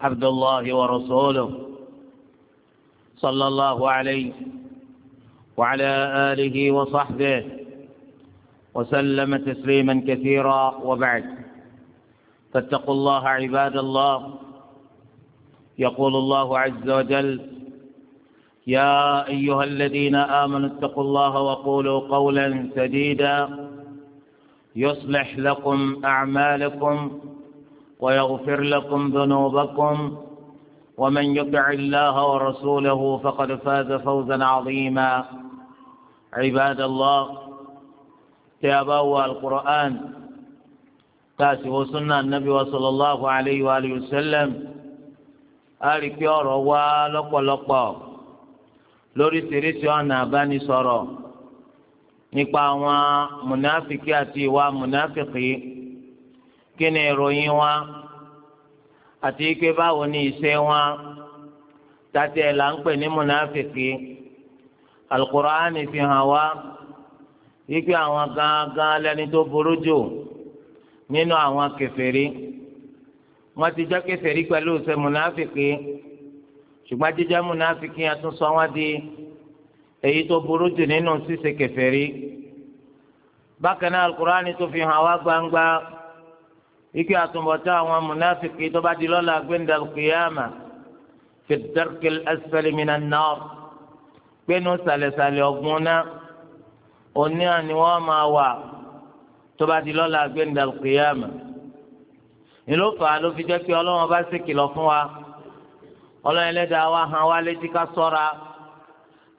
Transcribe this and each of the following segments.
عبد الله ورسوله صلى الله عليه وعلى آله وصحبه وسلم تسليما كثيرا وبعد فاتقوا الله عباد الله يقول الله عز وجل يا أيها الذين آمنوا اتقوا الله وقولوا قولا سديدا يصلح لكم أعمالكم ويغفر لكم ذنوبكم ومن يطع الله ورسوله فقد فاز فوزا عظيما عباد الله تابوا القرآن تاسوا سنة النبي صلى الله عليه وآله وسلم ألك يرى ولق لق lóríṣiríṣi ọ̀nà àbánisọ̀rọ̀ nípa àwọn mùnáfíkì àti ìwà mùnáfíkì kí ni ìròyìn wa àti pé báwo ni ìṣe wa tàti ẹ̀ là ń pè ní múnáfìkì alukóraani fi hàn wá wípé àwọn gángan lẹni tó burú jù nínú àwọn kèfèrí wọn ti jẹ́ kèfèrí pẹ̀lú ìṣe múnáfìkì ṣùgbọ́n jíjẹ́ múnáfìkì yẹn tún sọ wọ́n di èyí tó burú jù nínú ṣíṣe kèfèrí bákan náà alukóraani tó fi hàn wá gbangba ike àtúbọ̀tán àwọn amúnáfíkì tó bá di lọ́la gbẹ̀ndà kìyàmà fi dẹ́rkìl ẹsẹ̀lì mìíràn náà gbẹ̀nu sàlẹ̀sàlẹ̀ ọ̀gbun náà òní àni wọ́n máa wà tó bá di lọ́la gbẹ̀ndà kìyàmà ìlú fà á ló fi bá sì kìlọ̀ fún wa ọlọ́wọ́n ẹlẹ́dàá wa hàn wá létí ká sọ́ra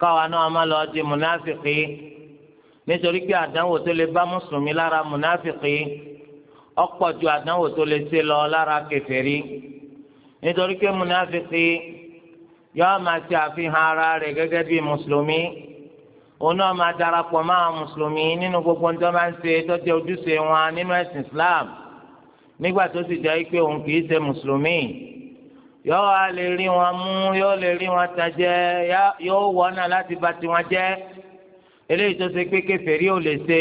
káwa náà má lọ di múnáfíkì nítorí pé àdánwò tó lè bá mùsùlùmí lára múnáfíkì ọ̀pọ̀ ju àdánwò tó lè ṣe lọ lára kèfèrí nítorí pé múnáfíkì yóò máa ṣe àfihàn ara rẹ̀ gẹ́gẹ́ bí mùsùlùmí òun náà máa darapọ̀ mọ́ àwọn mùsùlùmí nínú gbogbo ń tó ń ṣe tó ojúṣe wọn nínú ẹ̀sìn Islam nígbà tó sì jẹ́ pé òun kì í ṣe mùsùlùmí yóò wá lè rí wọn mú yóò lè rí wọn tàn jẹ yóò wọ́n náà láti bà tiwọn jẹ́ eléyìí tó ṣe pé kèfèrí ò lè ṣe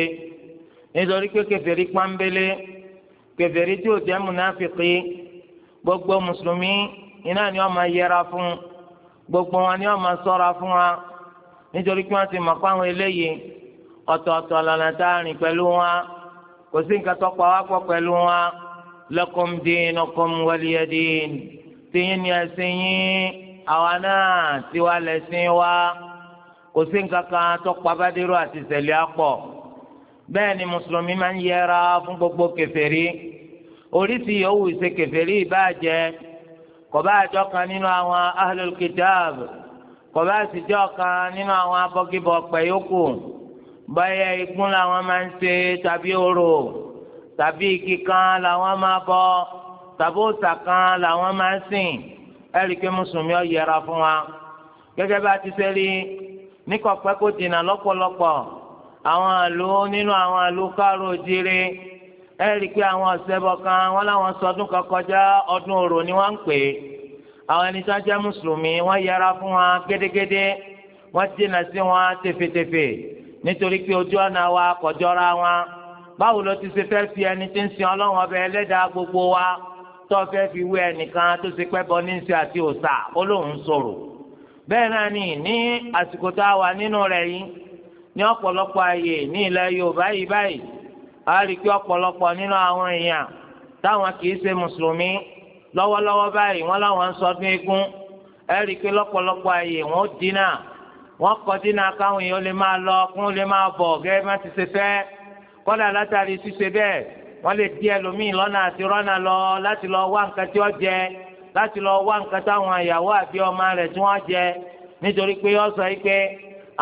nítorí pé kèfèrí pọ́nbélé kèfèrí tí ó jẹ́ múnáfìkì gbogbo mùsùlùmí iná ni wọ́n máa yẹra fún gbogbo wọn ni wọ́n máa ṣọ́ra fún wa nítorí pé wọ́n ti mọ̀ pé àwọn eléyìí ọ̀tọ̀ọ̀tọ̀ lọ́nà tá a rìn pẹ̀lú wa kò sí nǹkan tó pa wá pọ̀ pẹ̀lú wa lakum dinukum waliya din tìyín ni ẹ̀sìn yín àwa náà tiwa lẹ̀sìn wa kò sí nǹkan kan tó pa bá dérò àti ìṣẹ̀lẹ̀ àpọ̀ bẹ́ẹ̀ ni mùsùlùmí máa ń yẹra fún gbogbo kèfèrí oríṣi yòówù ṣe kèfèrí ìbàjẹ́ kò bá jọ kan nínú àwọn ahlul kitab kò bá sì jọ kan nínú àwọn abọ́gibọ̀ pẹ̀yókù báyẹ̀ igun làwọn máa ń ṣe tàbí orò tàbí igi kan làwọn máa bọ tàbí òòṣà kan làwọn máa ń sìn ẹ̀rí pé mùsùlùmí ó yẹra fún wa gẹ́gẹ́ bá ti ṣe rí ní kọ̀pẹ́ kó dènà lọ́pọ̀lọpọ̀ àwọn àlò nínú àwọn àlò kárò jíire ẹ rí i pé àwọn ọ̀sẹ̀bọ kan wọ́n láwọn sọdún kan kọjá ọdún orò ni wọ́n ń pè é àwọn ẹni tó jẹ́ mùsùlùmí wọ́n yẹra fún wa gédégédé wọ́n dènà sí wọn tefetefe nítorí pé ojú ọ̀nà wa kọjọ́ra wọn báwo ló ti ṣe fẹ́ fi ẹni tí ń sin ọlọ́run ọbẹ̀ ẹlẹ́dàá gbogbo wa tó fẹ́ fi wé ẹnìkan tó ṣe pẹ́ bọ́ ní ìṣe àti òòṣà ó lóun sọ̀rọ̀ bẹ́ẹ̀ náà ni ní àsìkò tá ní ọ̀pọ̀lọpọ̀ ààyè ní ilẹ̀ Yorùbá yìí báyìí a rí pé ọ̀pọ̀lọpọ̀ nínú àwọn èèyàn táwọn kì í ṣe mùsùlùmí lọ́wọ́lọ́wọ́ báyìí wọ́n láwọn ń sọdún eégún ẹ rí pé lọ́pọ̀lọpọ̀ ààyè wọ́n dínà wọ́n kọ́ dínà káwọn èèyàn lè máa lọ kún lè máa bọ̀ gẹ́gẹ́ bá ti ṣe fẹ́ kọ́dà látàrí ṣíṣe bẹ́ẹ̀ wọ́n lè di lọ láti lọ wá nǹkan tí jẹ láti lọ wá nǹkan táwọn àbí ọmọ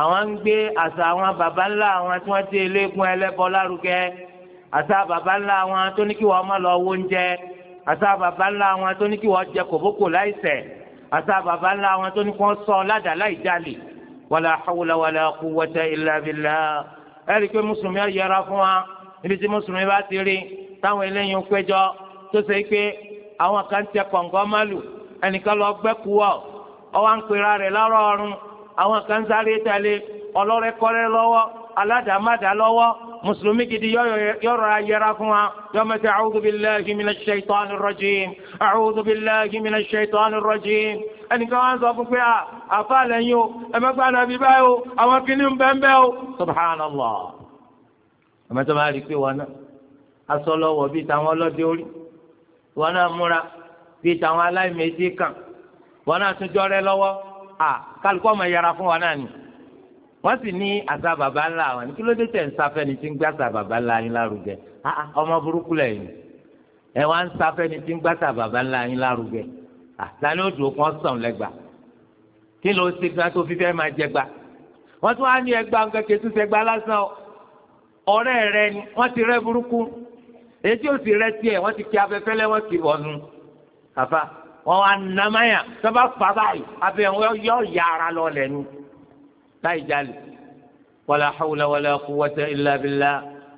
àwọn ń gbé àṣà àwọn baba ńlá àwọn tí wọ́n ti eléegun ẹlẹ́bọ lárugẹ àṣà baba ńlá àwọn tó ní kí wọ́n má lọ wó ń jẹ àṣà baba ńlá àwọn tó ní kí wọ́n jẹ kòbókò láìṣẹ̀ àṣà baba ńlá àwọn tó ní kí wọ́n sọ ládàá láì jalè wàlà hawla wàlà quwwata illa billah ẹ̀rí pé mùsùlùmí yẹra fún wa ibi tí mùsùlùmí bá ti rí táwọn eléyìí ń péjọ tó ṣe pé àwọn kan tẹ kọ̀ǹgọ́ málù ẹnìkan lọ gbẹ́kúwọ̀ ọ àwọn kan sáré tẹ̀lé ọlọ́rẹ́kọ́rẹ́ lọ́wọ́ aládàmádà lọ́wọ́ mùsùlùmí gidi yọ̀rọ̀ ayẹra fún wa yọmọ sí a'udhu billahi minash shaitanir rajim a'udhu billahi minash shaitanir rajim ẹnìkan wá ń sọ fún pé àfa lẹ́yìn o ẹ̀mẹ́gbà náà bí báyìí o àwọn kìíní ń bẹ́ẹ̀ o subhanallah ẹ̀mẹ́tọ́ máa rí i pé wọn náà aṣọ bíi táwọn ọlọ́dẹ orí wọn náà múra bíi táwọn aláìmẹ̀ẹ́dì kan wọn náà tún jọrẹ́ lọ́wọ́ à kálukú ọmọ yẹra fún wa náà ni wọ́n sì ní àṣà bàbá ńlá wọn kí ló dé tẹ̀ ń sáfẹ́ ni tí ń gbé àṣà bàbá ńlá yín lárugẹ ọmọ burúkú lẹ́yìn ẹ wá ń sáfẹ́ ni tí ń gbé àṣà bàbá ńlá yín lárugẹ àtàlí odò kan sàn lẹ́gbà kí ló ṣe gbà tó fi fẹ́ máa jẹ gbà wọ́n tún wá ní ẹgbà kẹ̀kẹ́ tún ṣẹgbà lásán ọ̀rẹ́ rẹ ni wọ́n ti rẹ́ burúkú èyí tí ó sì rẹ́ tiẹ̀ wọ́n ti kí afẹ́fẹ́ lẹ́wọ́n ti wọ̀nu àfa wọn wá nàmáyà sábà fà báyìí àfihàn yọ yàrá lọ lẹ́nu láì jalè wàlà hawla wàlà quwwata illa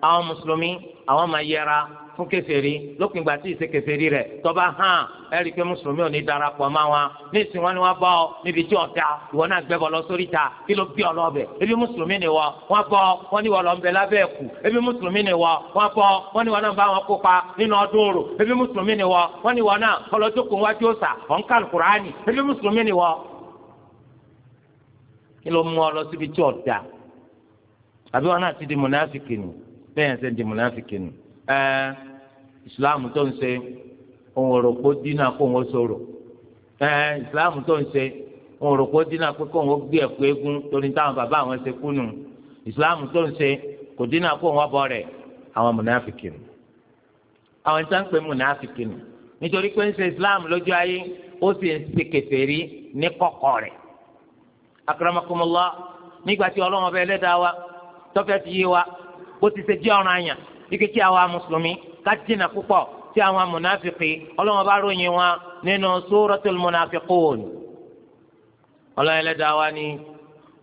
àwọn mùsùlùmí àwọn máa yẹra fún kèfèrí lópin ìgbà tí ìṣe kèfèrí rẹ̀ tọ́ba hàn ẹ̀rí pé mùsùlùmí ò ní darapọ̀ mọ́ wọn ní wọn ni wọ́n bọ́ ọ níbi tí ọ̀tá ìwọ náà gbẹ́bọ̀ lọ sórí ta kí ló bí ọ lọ́bẹ̀ ebi mùsùlùmí ni wọ wọ́n bọ́ wọ́n ní wọ́n lọ ń bẹ lábẹ́ ẹ̀kú ebi mùsùlùmí ni wọ wọ́n bọ́ wọ́n ní wọ́n náà bá wọn kópa nínú ọdún orò ebi mùsùlùmí ni wọ wọ́n ní wọ́n náà ọlọ́jókòó wájú ọ̀sà ọ̀nkàn kùránì ebi mùsùlùmí ni wọ. kí di mùnáfíkì ni. ẹ islamu tó ń ṣe òun rò pé dínà kó òun ó ẹ ìsìláàmù tó ń ṣe òun rò pé dínà pé kó òun gbé ẹ̀kú eégún torí táwọn bàbá àwọn ṣe kú nù ìsìláàmù tó ń ṣe kò dínà kó òun ọbọ rẹ̀ àwọn mùnàfìkì nù àwọn ìta ń pè mùnàfìkì nù nítorí pé ń ṣe lójú ayé ó sì ń ṣe ní kọ̀kọ̀ rẹ̀ ike kí àwa mùsùlùmí ká dínà púpọ̀ tí àwọn mùnàfíkì ọlọ́wọ́n bá ròyìn wọn nínú suratul munafiqun ọlọ́wọ́n ẹlẹ́dàá wa ni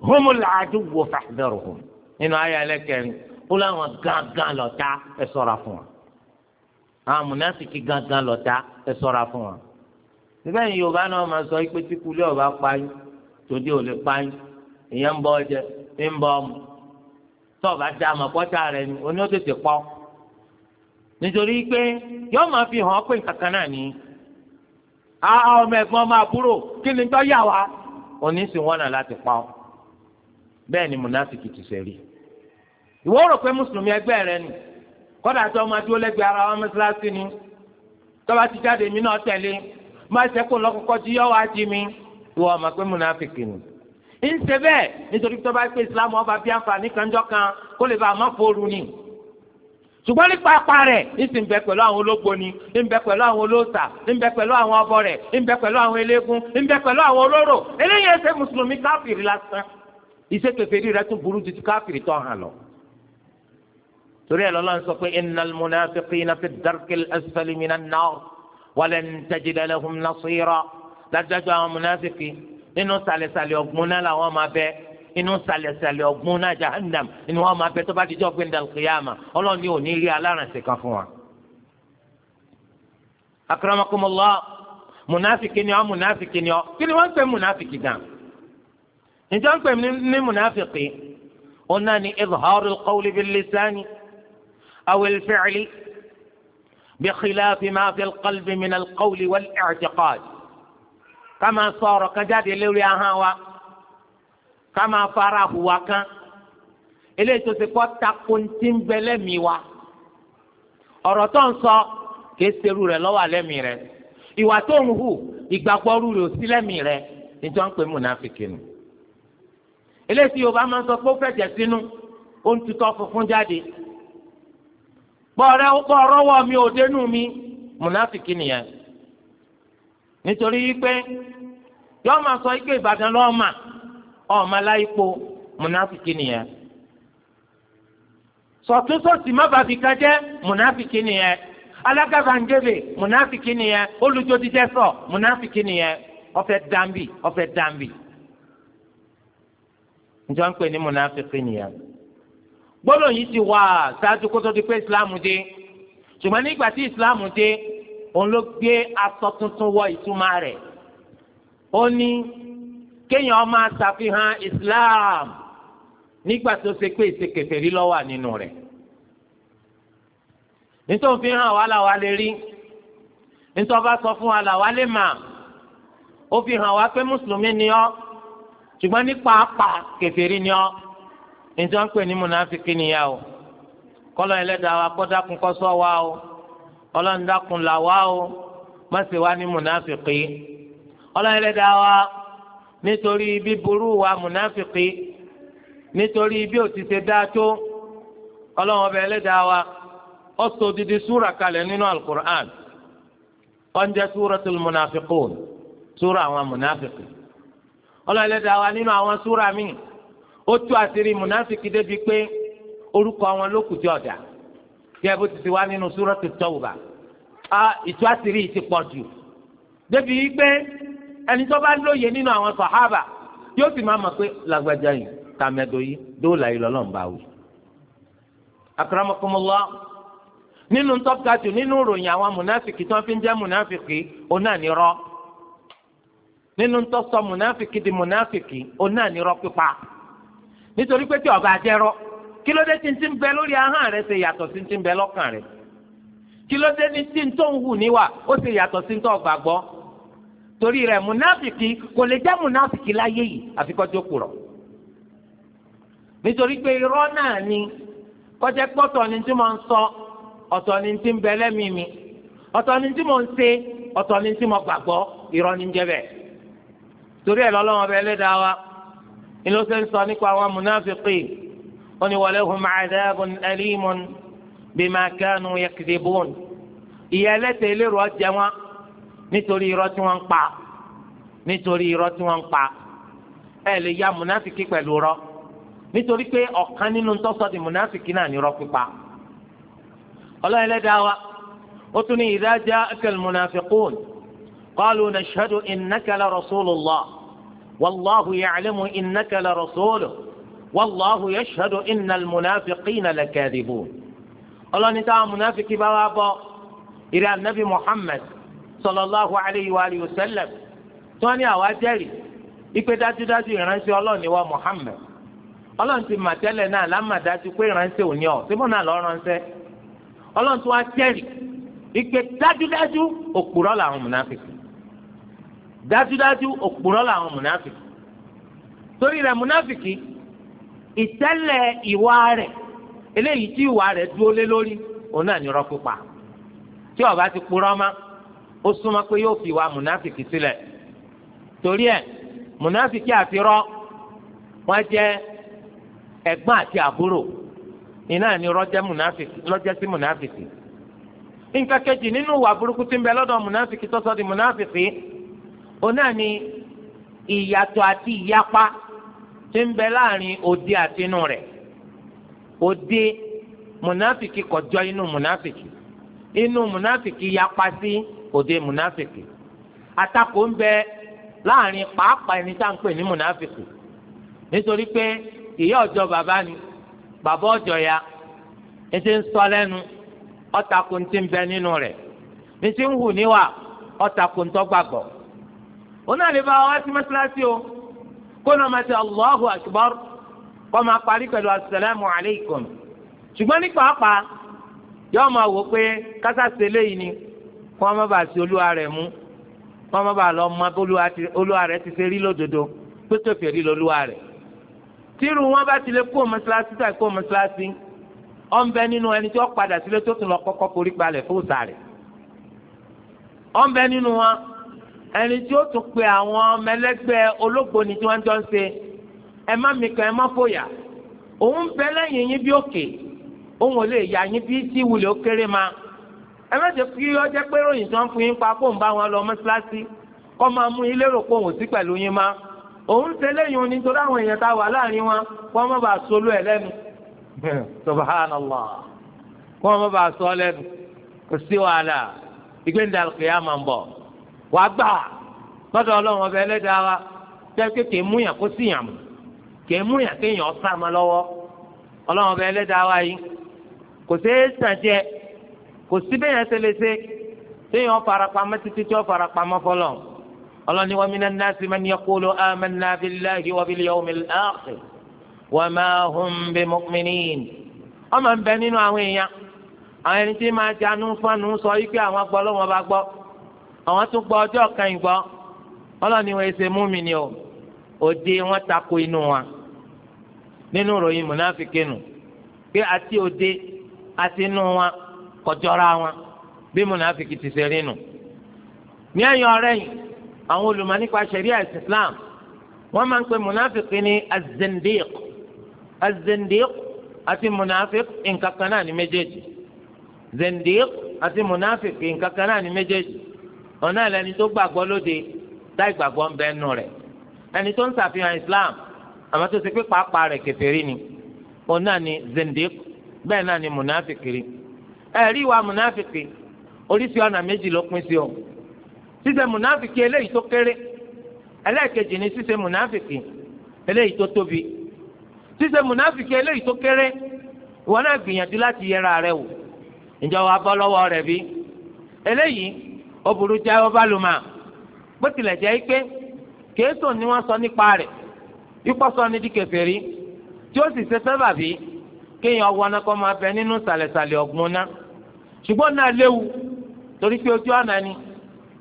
humul aduwwu fahdharuhum nínú ayé ẹlẹ́kẹrin ó láwọn gángan lọ́tà ẹ ṣọ́ra fún wa àwọn mùnàfíkì gángan lọ́tà ẹ ṣọ́ra fún wa síbẹ̀ ni yorùbá náà máa sọ ikpe tí kulẹ̀ ọba pa tòde ò lè pa ìyẹn ń bọ ọjẹ ń bọ ọmọ tọ́ọ̀bá dá àmọ́ pọ́tà rẹ ni oní ó tètè pọ́ nítorí pé máa fi hàn pé nǹkan ni àwọn ọmọ ẹ̀gbọ́n máa búrò kí ni tó yà wá òní sì wọ́n náà láti bẹ́ẹ̀ ni ti ṣe rí ìwọ rò pé mùsùlùmí ẹgbẹ́ rẹ nì kọ́dà tó ọmọ adúlọ́ lẹ́gbẹ̀ẹ́ ara mọ́sálásí ni tọ́ba ti jáde mí náà tẹ̀lé má ṣe kó lọ́kọ́kọ́ jí wá jí mi ìwọ ọmọ pé ni ń ṣe bẹ́ẹ̀ nítorí tó bá pé islam ọba bí àǹfààní kanjọ́ kan kó lè bá a má fòru ni ṣùgbọ́n ní pápá rẹ̀ ń sì ń bẹ pẹ̀lú àwọn ológbò ni ń bẹ pẹ̀lú àwọn olóòṣà ń bẹ pẹ̀lú àwọn ọbọ rẹ̀ ń bẹ pẹ̀lú àwọn eléégún ń bẹ pẹ̀lú àwọn olóró eléyìí ẹsẹ̀ mùsùlùmí káfìrí lásán iṣẹ́ kèfèrí rẹ̀ tún burú ju ti káfìrí tó hàn lọ. torí ẹ̀ lọ́lọ́run sọ pé innal munafiqina fi darkil asfali minan nar walan tajida lahum nasira dájúdájú àwọn munafiki inú sàlẹ̀sàlẹ̀ ọgbọn náà làwọn máa bẹ inú sàlẹ̀sàlẹ̀ ọgbọn náà jahannam inú wọn máa bẹ tó bá dijọ́ gbé ndàlùkìyàmà ọlọ́ọ̀ni ò ní rí alárànṣẹ́ kan fún wa. akramakumullah munafiki ni ọ munafiki ni ọ kí ni wọ́n ń pè munafiki gan ǹjẹ́ wọ́n pè ní munafiki ó náà ni izharu alqawli billisani aw alfi'li bí xilá fi máa fi alqalbi min alqawli wal i'tiqad. ká máa sọ ọ̀rọ̀ kan jáde lórí ahọ́n wa ká máa fara hùwà kan eléyìí tó ti kọ́ tako ti ń bẹ lẹ́mìí wa ọ̀rọ̀ tó ń sọ kìí serú rẹ̀ lọ́wọ́ lẹ́mìí rẹ̀ ìwà tó ń hù ìgbàgbọ́rú rẹ̀ ò sí lẹ́mìí rẹ̀ níjọ́ ń pè múnafìkì nù eléyìí tí yorùbá máa ń sọ pé ó fẹ̀jẹ̀ sínú ó ń tutọ́ funfun mi ò dénú mi múnafìkì nìyẹn nítorí wípé yọọ máa sọ ike ìbàdàn lọ́ọ́ mà ọ̀ọ́mà láìpo mùnáfìkì nìyẹn sọ̀túnṣọ̀sì má bàbí ká jẹ́ nìyẹn alágàbàǹgẹ̀lẹ̀ mùnáfìkì nìyẹn olùjọ́díjẹ́sọ̀ mùnáfìkì nìyẹn ọ̀fẹ́ dàmbì ọ̀fẹ́ dàmbì njọ́ ń pè ní mùnáfìkì nìyẹn gbọ́dọ̀ yìí ti wà ṣáájú kó tó di pé ìsìláàmù dé nígbà tí islam dé òun ló gbé aṣọ tuntun wọ ìtumọ̀ rẹ̀ ó ní kéèyàn máa ṣàfihàn Islam nígbà tó ṣe pé ìṣekèfèrí ló wà nínú rẹ̀ nítorí fi hàn wá làwa lè rí nítorí bá sọ fún wa làwa lè mà ó fi hàn wá pé mùsùlùmí ni ọ́ ṣùgbọ́n ní pàápàá kèfèrí ni ọ́ nítorí wọ́n pè ní mùnàfíkì nìyà o kọ́lọ́ ẹlẹ́dàá wa kó dákun kó ṣọ́ wa o ọlọ́run dákun là wá o má ṣe wá ní mùnáfìkì ọlọ́run ẹlẹ́dàá wa nítorí bíburú wa mùnáfìkì nítorí bí ó ti ṣe dá tó ọlọ́run ọbẹ̀ ẹlẹ́dàá wa ó sọ odidi súra kalẹ̀ nínú alukur'an ó ń jẹ́ súratul munafiqun súra àwọn mùnáfìkì ọlọ́run ẹlẹ́dàá wa nínú àwọn súra míì ó tú àṣírí mùnáfìkì débi pé orúkọ àwọn lókùtì ọ̀dà gẹ́gẹ́ bó ti ti wá nínú súrọ́tì tọ́wùbà ìtú àṣírí ti pọ̀ jù débi pé ẹni tó bá lóye nínú àwọn sàhábà yóò sì máa mọ̀ pé làgbàjà yìí tàmẹ́dọ̀ yìí dóòlà yìí lọ́lọ́run bá wù. akramakumullah nínú tọ́ka jù nínú ìròyìn àwọn mùnáfìkì tí wọ́n fi ń jẹ́ mùnáfìkì ọ̀nà nínú tọ́sọ mùnáfìkì di mùnáfìkì ọ̀nà pípa nítorí pé tí ọba jẹ́rọ́ kí ló dé tí n ti ń bẹ lórí ahọ́n rẹ ṣe yàtọ̀ sí ti ń bẹ lọ́kàn rẹ kí ló dé ní tí n tó ń hù níwà ó ṣe yàtọ̀ sí tó gbàgbọ́ torí rẹ múnáfìkì kò lè jẹ́ múnáfìkì láyé yìí àfi kó jókòó nítorí pé irọ́ náà ni kọjá pọ́tọ̀ ni tí mo ń sọ ọ̀tọ̀ ni tí ń bẹ lẹ́mìí mi ọ̀tọ̀ ni tí mo ń ṣe ọ̀tọ̀ ni tí mo gbàgbọ́ irọ́ ni ń jẹ́ bẹ́ẹ̀ torí ẹ̀ lọ́lọ́wọ́n bẹ́ẹ̀ lẹ́dàá wa ni ló ṣe ń sọ nípa àwọn múnáfìkì wọ́n ní walahum adhabun alimun bima kanu yakdhibun ìyà ẹlẹ́tẹ̀ eléèrò ọjà wọn nítorí irọ́ tí wọ́n ń pa nítorí irọ́ tí wọ́n ń pa ẹ lè ya múnáfìkì pẹ̀lú rọ́ nítorí pé ọ̀kan nínú tọ́sọ̀ di múnáfìkì náà ní irọ́ pípa ọlọ́run ẹlẹ́dàá wa ó tún ní idha ja'aka al-munafiqun qalu nashhadu innaka la rasulullah wallahu ya'lamu innaka wallahu yashhadu innal munafiqina lakadibun ọlọ́ni táwọn munafiki bá wá bọ́ ìrẹ́ anabi muhammad sallallahu alayhi wa alihi wa sallam tí wọ́n ní àwa jẹ́rìí ipe dájúdájú ìránṣẹ́ ọlọ́ọ̀ni wa muhammad ọlọ́run ti mà tẹ́lẹ̀ náà lámàdájú pé ìránṣẹ́ òní ọ̀ síbò náà lọ́ ránṣẹ́ ọlọ́run tí wọ́n á jẹ́rìí ipe dájúdájú òpùrọ́ làwọn munafiki dájúdájú òpùrọ́ làwọn munafiki torí rẹ̀ munafiki ìtẹ́lẹ̀ ìwà rẹ̀ eléyìí tí ìwà rẹ̀ dúró lé lórí òun náà ní irọ́ tí ọba ti purọ́ ma ó súnmọ́ pé yóò fi wa munafiki sílẹ̀ torí ẹ̀ mùnáfìkì àti wọ́n jẹ́ ẹ̀gbọ́n àti àbúrò iná ní lọ́jẹ́ sí mùnáfìkì nǹkan kejì nínú ìwà burúkú tí ń bẹ lọ́dọ̀ di òun náà ní ìyàtọ̀ àti tí ń bẹ láàrin òde àti inú rẹ̀ òde mùnáfìkì kọjọ inú mùnáfìkì inú mùnáfìkì yapa sí òde mùnáfìkì àtakò ń bẹ láàrin pàápàá ẹni tá à ń pè ní mùnáfìkì nítorí pé ìyá ọjọ́ bàbá ni bàbá ọjọ́ ya ètí ń sọ lẹ́nu ọ̀tàkù ti ń bẹ nínú rẹ̀ ètí ń hù níwà ọ̀tàkù ń tọ́gbàgbọ́. ó náà lè bá wa sí mọ́ṣáláṣí o kó náà máa ṣe allahu akbar kó máa parí pẹ̀lú asalaamu alaykum ṣùgbọ́n ní pàápàá yóò máa wò pé kásá ṣe léyìí ni kó wọn má bàa ṣe olúwa rẹ̀ mú kó wọn má bàa lọ mọ olúwa rẹ̀ ti ṣe rí lódodo pé kèfèrí lolúwa rẹ̀ tírù wọn bá ti kó mọ́ṣáláṣí tàbí kó mọ́ṣáláṣí ọ̀nbẹ nínú ẹni tí padà sílé tó tún lọ kọ́kọ́ forí balẹ̀ fún òòsà rẹ̀ ọ̀nbẹ nínú wọn ẹni tí ó tún pe àwọn ọmọ ẹlẹgbẹ́ olóògbóni tí wọ́n jọ ń ṣe ẹ má mikàn ẹ má fòyà òun bẹ lẹ́yìn yín bí òkè òun ò lè yà yín bí tí wulẹ̀ ó kéré ma ẹ má jẹ́ kí ó pé ròyìn tí wọ́n fún yín pa kó ń bá wọn lọ mọ́ṣáláṣí kó máa mú yín lérò pé òun sí pẹ̀lú yín òun ṣe àwọn èèyàn tá a wà wàá gbà lọ́dọ̀ ọlọ́run ọbẹ̀ ẹlẹ́dàá wa tẹ́lifí kì í mú yàn kó sì yàn mú kì í mú yàn kéèyàn ọ̀sá ma lọ́wọ́ ọlọ́run ọbẹ̀ ẹlẹ́dàá wa yìí kò sí sàn jẹ kò sí bẹ́ẹ̀ yẹn ṣẹlẹ́ṣẹ́ téèyàn farapamọ́ títí tí ó farapamọ́ fọlọ́ ọlọ́ni wa minan nasi man yaqulu amanna billahi wa bil yawmil akhir wa ma hum bimu'minin ọmọ nbẹ nínú àwọn èèyàn àwọn ẹni tí máa jánu fánu sọ yìí pé àwọn gbọ́ lọ́wọ́ bá gbọ́ àwọn tún gba ọjọ́ kan ìgbọ́ ọlọ́ni wọn ṣe mú mi ni o òde wọn tako inú wa nínú ròyìn mùnáfíkínù pé àti òde àti inú wa kọjọra wọn bí mùnáfíkì ti ṣe rí nù. ní ẹ̀yìn ọ̀rẹ́ yìí àwọn olùmọ̀ nípa ṣẹ̀ríà Islam wọ́n máa ń pe mùnáfíkì ní azendiq azendiq àti mùnáfík nǹkan kan náà ní méjèèjì zendiq àti mùnáfík nǹkan kan náà ní méjèèjì ọ̀nà ẹlẹ́ni tó gbàgbọ́ lóde dá ìgbàgbọ́ ń bẹ nù rẹ̀ ẹni tó ń ṣàfihàn islam àmọ́ tó ṣe pé pàápàá rẹ̀ kèfèrí ni ọ̀nà ni zendik bẹ́ẹ̀ náà ni munafiki ẹ̀rí ìwà munafiki oríṣi ọ̀nà méjì ló pín sí o ṣíṣe munafiki eléyìí tó kéré ẹlẹ́ẹ̀kejì ni ṣíṣe munafiki eléyìí tó tóbi ṣíṣe munafiki eléyìí tó kéré ìwọ náà gbìyànjú láti yẹra rẹ wò ǹjẹ́ wàá bọ́ lọ́wọ́ rẹ̀ bí eléyìí ó burú jáwé bá lò máa bó tilẹ̀ jẹ́ pé kéésù ni wọ́n sọ nípa rẹ̀ ikọ́ sọ ní di kèfèrí tí ó sì ṣe sábàbí kéèyàn wọná kọ́ máa bẹ nínú sàlẹ̀sàlẹ̀ ọ̀gbun ná ṣùgbọ́n náà léwu torí pé ojú ọ̀nà ni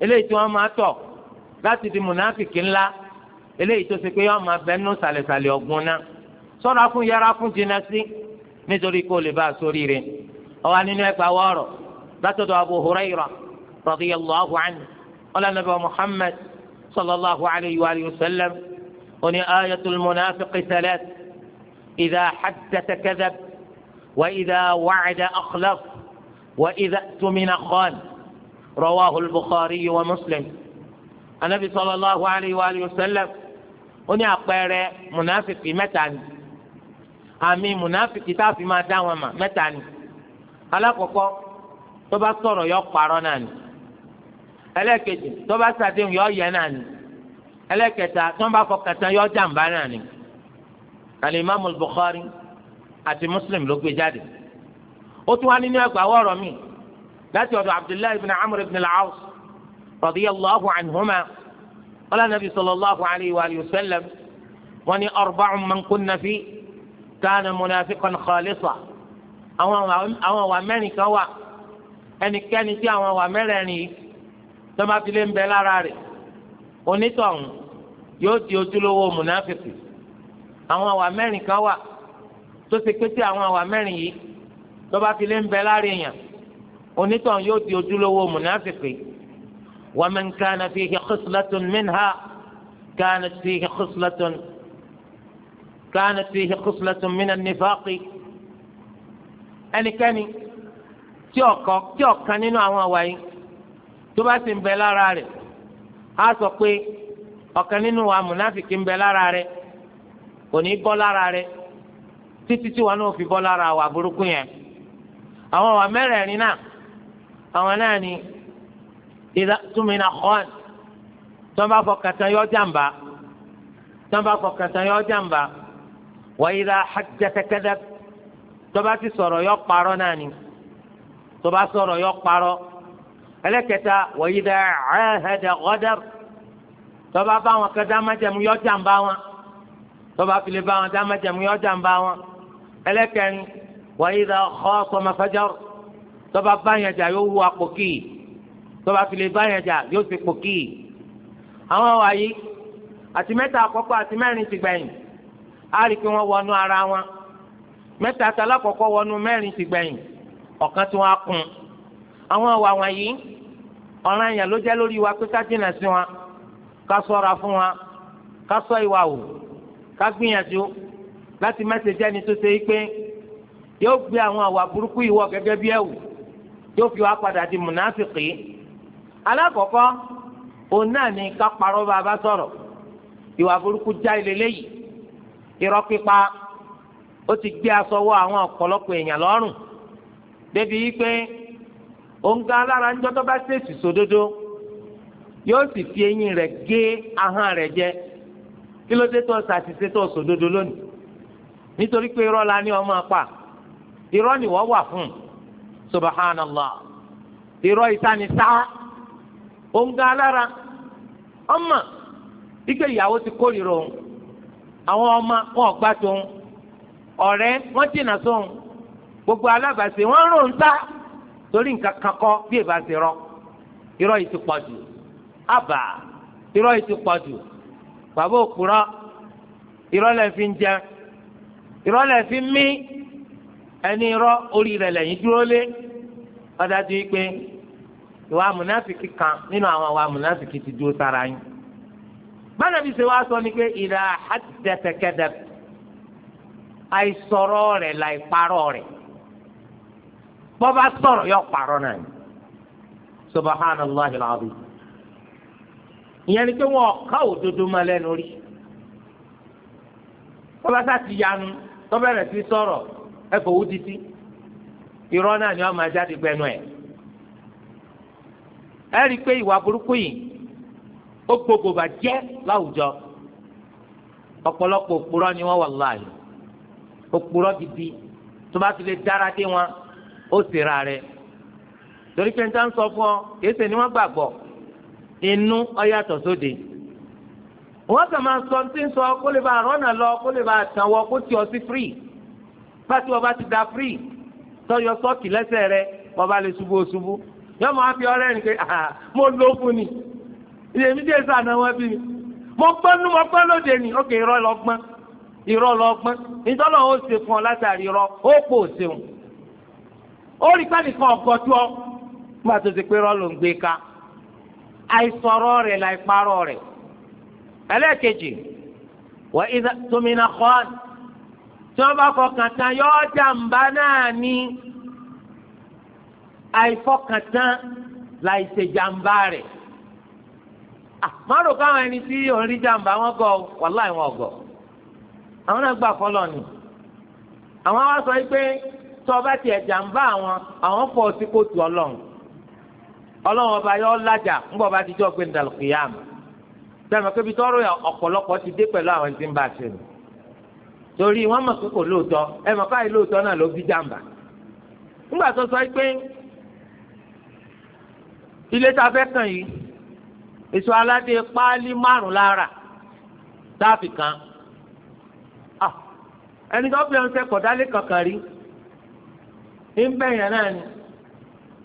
eléyìí tí wọ́n máa tọ̀ láti di mùnáfìkì ńlá eléyìí tó ṣe pé yọ́n máa bẹ nínú sàlẹ̀sàlẹ̀ ọ̀gbun ná sọ́ra fún yẹra fún jìnnà sí nítorí kó lè bá a sórí rẹ̀ ọ̀wá رضي الله عنه قال النبي محمد صلى الله عليه وآله وسلم هنا آية المنافق ثلاث إذا حدث كذب وإذا وعد أخلف وإذا اؤتمن خان رواه البخاري ومسلم النبي صلى الله عليه وآله وسلم هنا أقرأ منافق متى àmì mùnàfíkì tá ما داوم máa dá wọn mà mẹ́ta ni ẹlẹ́kejì tó bá sàdéhùn yọ yẹ náà ni ẹlẹ́kẹta tó bá fọkàn tán yọ jàǹbá náà ni alimami Bukhari àti Muslim ló gbé jáde ó tún wá nínú ẹgbàá wọ̀rọ̀ mi láti ọ̀dọ̀ Abdullahi ibn Amr ibn al-Aws radiyallahu anhuma wala nabi sallallahu alayhi wa sallam wọ́n ní arba'un man kunna fi khalisa àwọn àwọn wà mẹ́rin kan wà ẹnikẹ́ni tí àwọn wà mẹ́rẹ̀ẹ̀rin yìí tọ́mátìlé ń bẹ lára rẹ̀ onítọ̀hún yóò di ojúlówó mùnáfìkì àwọn àwà mẹ́rin kan wà tó ṣe pé tí àwọn àwà mẹ́rin yìí tọ́mátìlé ń bẹ lára èèyàn onítọ̀hún yóò di ojúlówó mùnáfìkì wa man kana fihi khuslatun minha kanat fihi khuslatun kanat fihi khuslatun min an-nifaqi ẹnikẹ́ni tí ọ̀kan nínú àwọn àwà yìí. tó bá sì ń bẹ lára rẹ̀ á sọ pé ọ̀kan nínú wa mùnáfìkì ń bẹ lára rẹ̀ kò ní bọ́ lára rẹ̀ títí tí wọn náà fi bọ́ lára wà burúkú yẹn àwọn wà mẹ́rẹ̀ẹ̀rin náà àwọn náà ni ìdátúmínà kọ́ọ̀n tó ń bá fọkàn tán yọ jàǹbá tó bá yọ jàǹbá wàyí la hajjatakadà tó bá ti sọ̀rọ̀ yọ parọ́ náà ni tó bá sọ̀rọ̀ yọ parọ́. ẹlẹ́kẹta wọ̀nyídà ẹ̀hẹ́dẹ̀ ọ̀dẹ̀ tọ́ba bá wọn kẹ́ dámájẹ̀mú yọ jàǹbá wọn tọ́ba file bá wọn dámájẹ̀mú yọ jàǹbá wọn ẹlẹ́kẹrin wọ̀nyídà ọ̀họ́ sọmọfẹ́jọ́ tọ́ba bá yẹn jà yóò wú apò kíì tọ́ba file bá yẹn jà yóò sì pò kíì àwọn wàyí àti mẹ́ta àkọ́kọ́ àti ti gbẹ̀yìn á pé wọ́n wọnú ara wọn mẹ́ta àtàlákọ̀ọ́kọ́ wọnú mẹ́rin ti gbẹ̀yìn ọ̀kan tí wọ́n á kún àwọn àwà wọ̀nyí ọ̀ràn yẹn ló jẹ́ lórí wa pé ká jìnà sí wọn ká sọ̀ra fún wọn ká sọ ìwà wò ká gbìyànjú láti mẹ́sẹ̀ jẹ́ ni tó ṣe pé yóò gbé àwọn àwà burúkú ìwọ gẹ́gẹ́ bí ẹ̀wù yóò fi wá padà di mùnáfìkì alákọ̀ọ́kọ́ òun náà ni ká parọ́ bá a bá sọ̀rọ̀ ìwà burúkú já ilé léyìí irọ́ pípa ó ti gbé aṣọ wọ àwọn ọ̀pọ̀lọpọ̀ èèyàn lọ́rùn débi wípé òǹkà alára tó bá ṣèṣì sódodo yóò sì fi eyín rẹ gé ahọ́n rẹ jẹ kí ló dé tó ṣàṣìṣe tó sódodo lónìí nítorí pé irọ́ la ní ọmọ apá irọ́ ni wọ́n wà fún subhanallah irọ́ ìtanisá òǹkà alára ọmọ ike ìyàwó ti kórìíra òun àwọn ọmọ wọn ò ọ̀rẹ́ jìnnà sóun gbogbo wọn rò ń torí nǹkan kan kọ́ bí ti rọ irọ́ yìí ti pọ̀ jù àbà irọ́ yìí ti pọ̀ jù bàbá òkúrọ́ irọ́ lẹ̀ fi ń jẹ irọ́ lẹ̀ fi ń mí ẹni irọ́ orí rẹ̀ lẹ́yìn dúró lé ọ̀dájú pé ìwà kan nínú àwọn ti dúró sára yín gbanabi ṣe sọ ni pé rẹ̀ bọ́ba sọ̀rọ̀ yọ pààrọ̀ náà ni subhanallahi alazim ìyẹn ni pé wọn ká òdodo máa lẹ́nu rí bọ́ba sá ti yanu tọ́bẹ̀rẹ̀ sí sọ̀rọ̀ ẹ fòwú títí irọ́ náà ni wọ́n máa jáde gbẹnu ẹ̀ ẹ rí pé ìwà burúkú yìí ó gbogbo bàjẹ́ láwùjọ ọ̀pọ̀lọpọ̀ òpùrọ́ ni wọ́n wà láàyè òpùrọ́ gidi tó bá ti lè dára dé wọn ó sèrà rẹ̀ torí pé n ta ń sọ fún ọ kéésì ni wọ́n gbàgbọ́ inú ọ̀yàtọ̀ sóde wọ́n kàn máa sọ tí ń sọ kó lè bá rọ́nà lọ kó lè bá tàn kó tì ọ sí free pàtí ọba ti da free tọ́yọ sọ́ọ̀kì lẹ́sẹ̀ rẹ ọba lè ṣubú ṣubú yọ máa fi ọ̀rẹ́ ẹnì pé mo lò ó fún ni ìyèmí dé sànà wọn bí mi mo gbọ́n nú mo gbọ́n lóde ni ókè irọ́ lọ gbọ́n irọ́ lọ gbọ́n nítorí àwọn ò ṣe fún ọ látàrí irọ́ ó pò ṣeun. ó rí pẹ́ẹ́nìkan ọ̀gọ́jú ọ tó ti pé rọ́ọ̀lù ń gbé ká àìsọ̀rọ̀ rẹ̀ láìparọ́ rẹ̀ ẹlẹ́ẹ̀kejì wà ìdá tómìnà kọ́ọ̀n tí wọ́n bá fọkàn tán yọ jàǹbá náà ní àìfọkàn tán káwọn ẹni tí rí wọn gọ wàláì wọn gọ àwọn náà gbà fọlọ ni àwọn sọ tó ọba tiẹ̀ jàǹbá àwọn àwọn fọ ọtí kóòtù ọlọ́run ọlọ́run ọba yọ ọlájà ńgbọ́ ti jọ pé ndàlùkìyàmù sẹ́mi kébi ọ̀pọ̀lọpọ̀ ti dé pẹ̀lú àwọn tí ń bá a ṣe nù torí wọ́n mọ̀ pé lóòótọ́ ẹ mọ̀ lóòótọ́ náà ló ilé tá a fẹ́ aládé páálí márùn lára ah, ẹni ń náà ni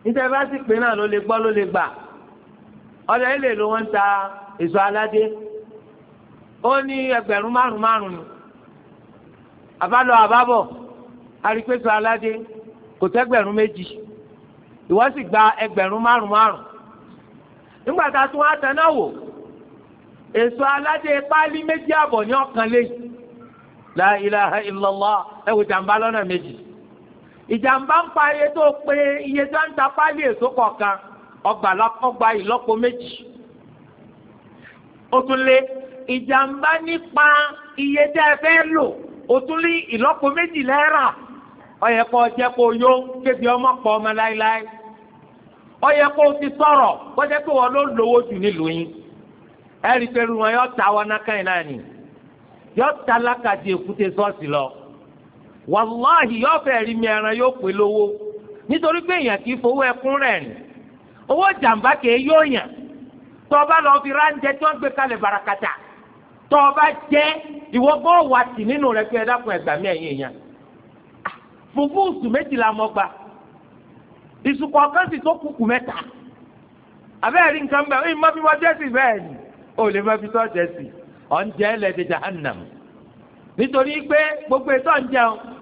níta bá sì pé náà ló lè gbọ́ ló lè gbà ọ̀dọ̀ ilé ló wọ́n ń ta èso aládé ó ní ẹgbẹ̀rún márùn márùn ni àbálọ àbábọ̀ arípéso aládé kò tẹ́gbẹ̀rún méjì ìwọ sì gba ẹgbẹ̀rún márùn márùn nígbà wò èso aládé méjì àbọ̀ ní ọkàn lé ẹ wò jàǹbá lọ́nà ìjàmbá ń pa tó pé iye ń ta páálí èso kọ̀ọ̀kan ọgbà ìlọ́po méjì o tún lé ìjàmbá nípa iye tẹ́ ẹ fẹ́ lò o tún lé ìlọ́po méjì lẹ́rà ọyẹ kó jẹ́ kó yó kébi ọmọ pọ̀ ọmọ láéláé ọyẹ kó ti sọ̀rọ̀ pé ló lówó jù lọ. wàláhì yóò fẹ́ rí mi ẹran yóò pè lówó nítorí pé èèyàn kì í fowó ẹkún rẹ̀ owó jàǹbá kìí yóò yàn tó o bá lọ fi ráńjẹ tí wọ́n gbé kalẹ̀ barakata tó o bá jẹ́ ìwọ bọ́ wà tì nínú rẹ̀ pé ẹgbà mí ẹ̀yìn èèyàn oṣù méjìlá mọ́ wọ́n jẹ́sì bẹ́ẹ̀ ni ó lè fi jẹ́sì ọ̀ ń jẹ́ ẹlẹ́dẹ̀ jahannam nítorí pé gbogbo ètò ọ̀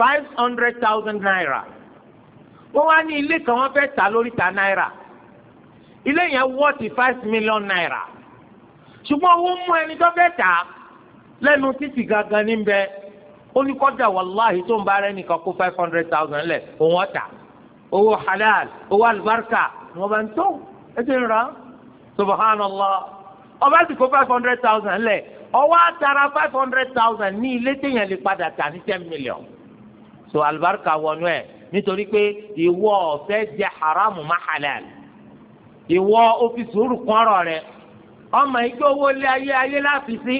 five hundred thousand naira wọ́n wá ní ilé kan wọ́n fẹ́ tà lórí ta náírà ilé yẹn wọ́ọ̀tì five million naira ṣùgbọ́n owó mú ẹni tó fẹ́ tà lẹ́nu títì gangan níbẹ̀ ó ní kọ́dà wàláhì tó ń bá rẹ́ nìkan kó five hundred thousand lẹ̀ òun ọ̀tà owó halal owó alibarika ni wọ́n bá ń tó ẹ ti ń ra subhanallah ọba sì kó five hundred thousand lẹ̀ ọwọ́ àtàrà five hundred thousand ní ilé téèyàn lè padà tà ní ten million. so alibarika wọnú ẹ nítorí pé ìwọ ọ̀fẹ́ jẹ haramu mahalal halal ìwọ ọ́fíìsì orúkọ́rọ̀ rẹ ọmọ ike owó lé ayé ayé láfi sí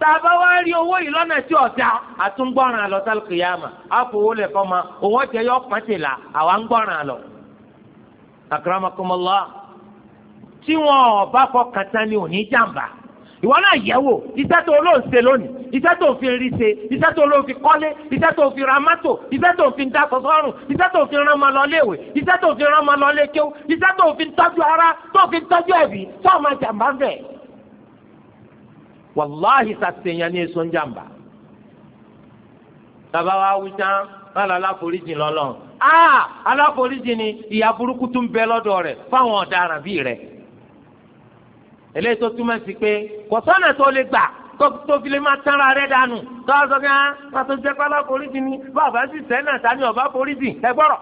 tá a bá wá rí owó yìí lọ́nà tí ọ̀tá àtúngbọ̀ràn àlọ́ sálùkìyàmà á fowó lẹ̀ fọ́mọ owó jẹ yọ pàtìlà àwa ń gbọ̀ràn àlọ́ tí wọn ni ò ìwọ náà yẹ̀wò iṣẹ́ tó ló ń ṣe lónìí iṣẹ́ tó fi rí ṣe iṣẹ́ tó ló fi kọ́lé iṣẹ́ tó fi ra mọ́tò iṣẹ́ tó fi da kọ́sọ́rùn iṣẹ́ tó fi rán ọmọ lọ léèwé iṣẹ́ tó fi rán ọmọ lọ lékéwú iṣẹ́ tó fi tọ́jú ara tó fi tọ́jú ẹ̀bí tó ọmọ jàmbá ń bẹ̀. wàláhì sàṣeyàn ní èso ń jàmbá. bàbá wa wí tán wọn lọ aláforíjì lọ́lọ́run. aláforíjì ni ìyà burúkú tún bẹ lọ́dọ̀ rẹ̀ fáwọn ọ̀daràn bíi rẹ̀ eléyìí tó túmọ̀ sí pé kò sọ́nà tó lè gbà tó fi lè máa tánra rẹ dànù tó a sọ fún wa wọn tó jẹ́ pálá foríjì ni bàbá sì sẹ́nà sani ọba foríjì ẹ gbọ́rọ̀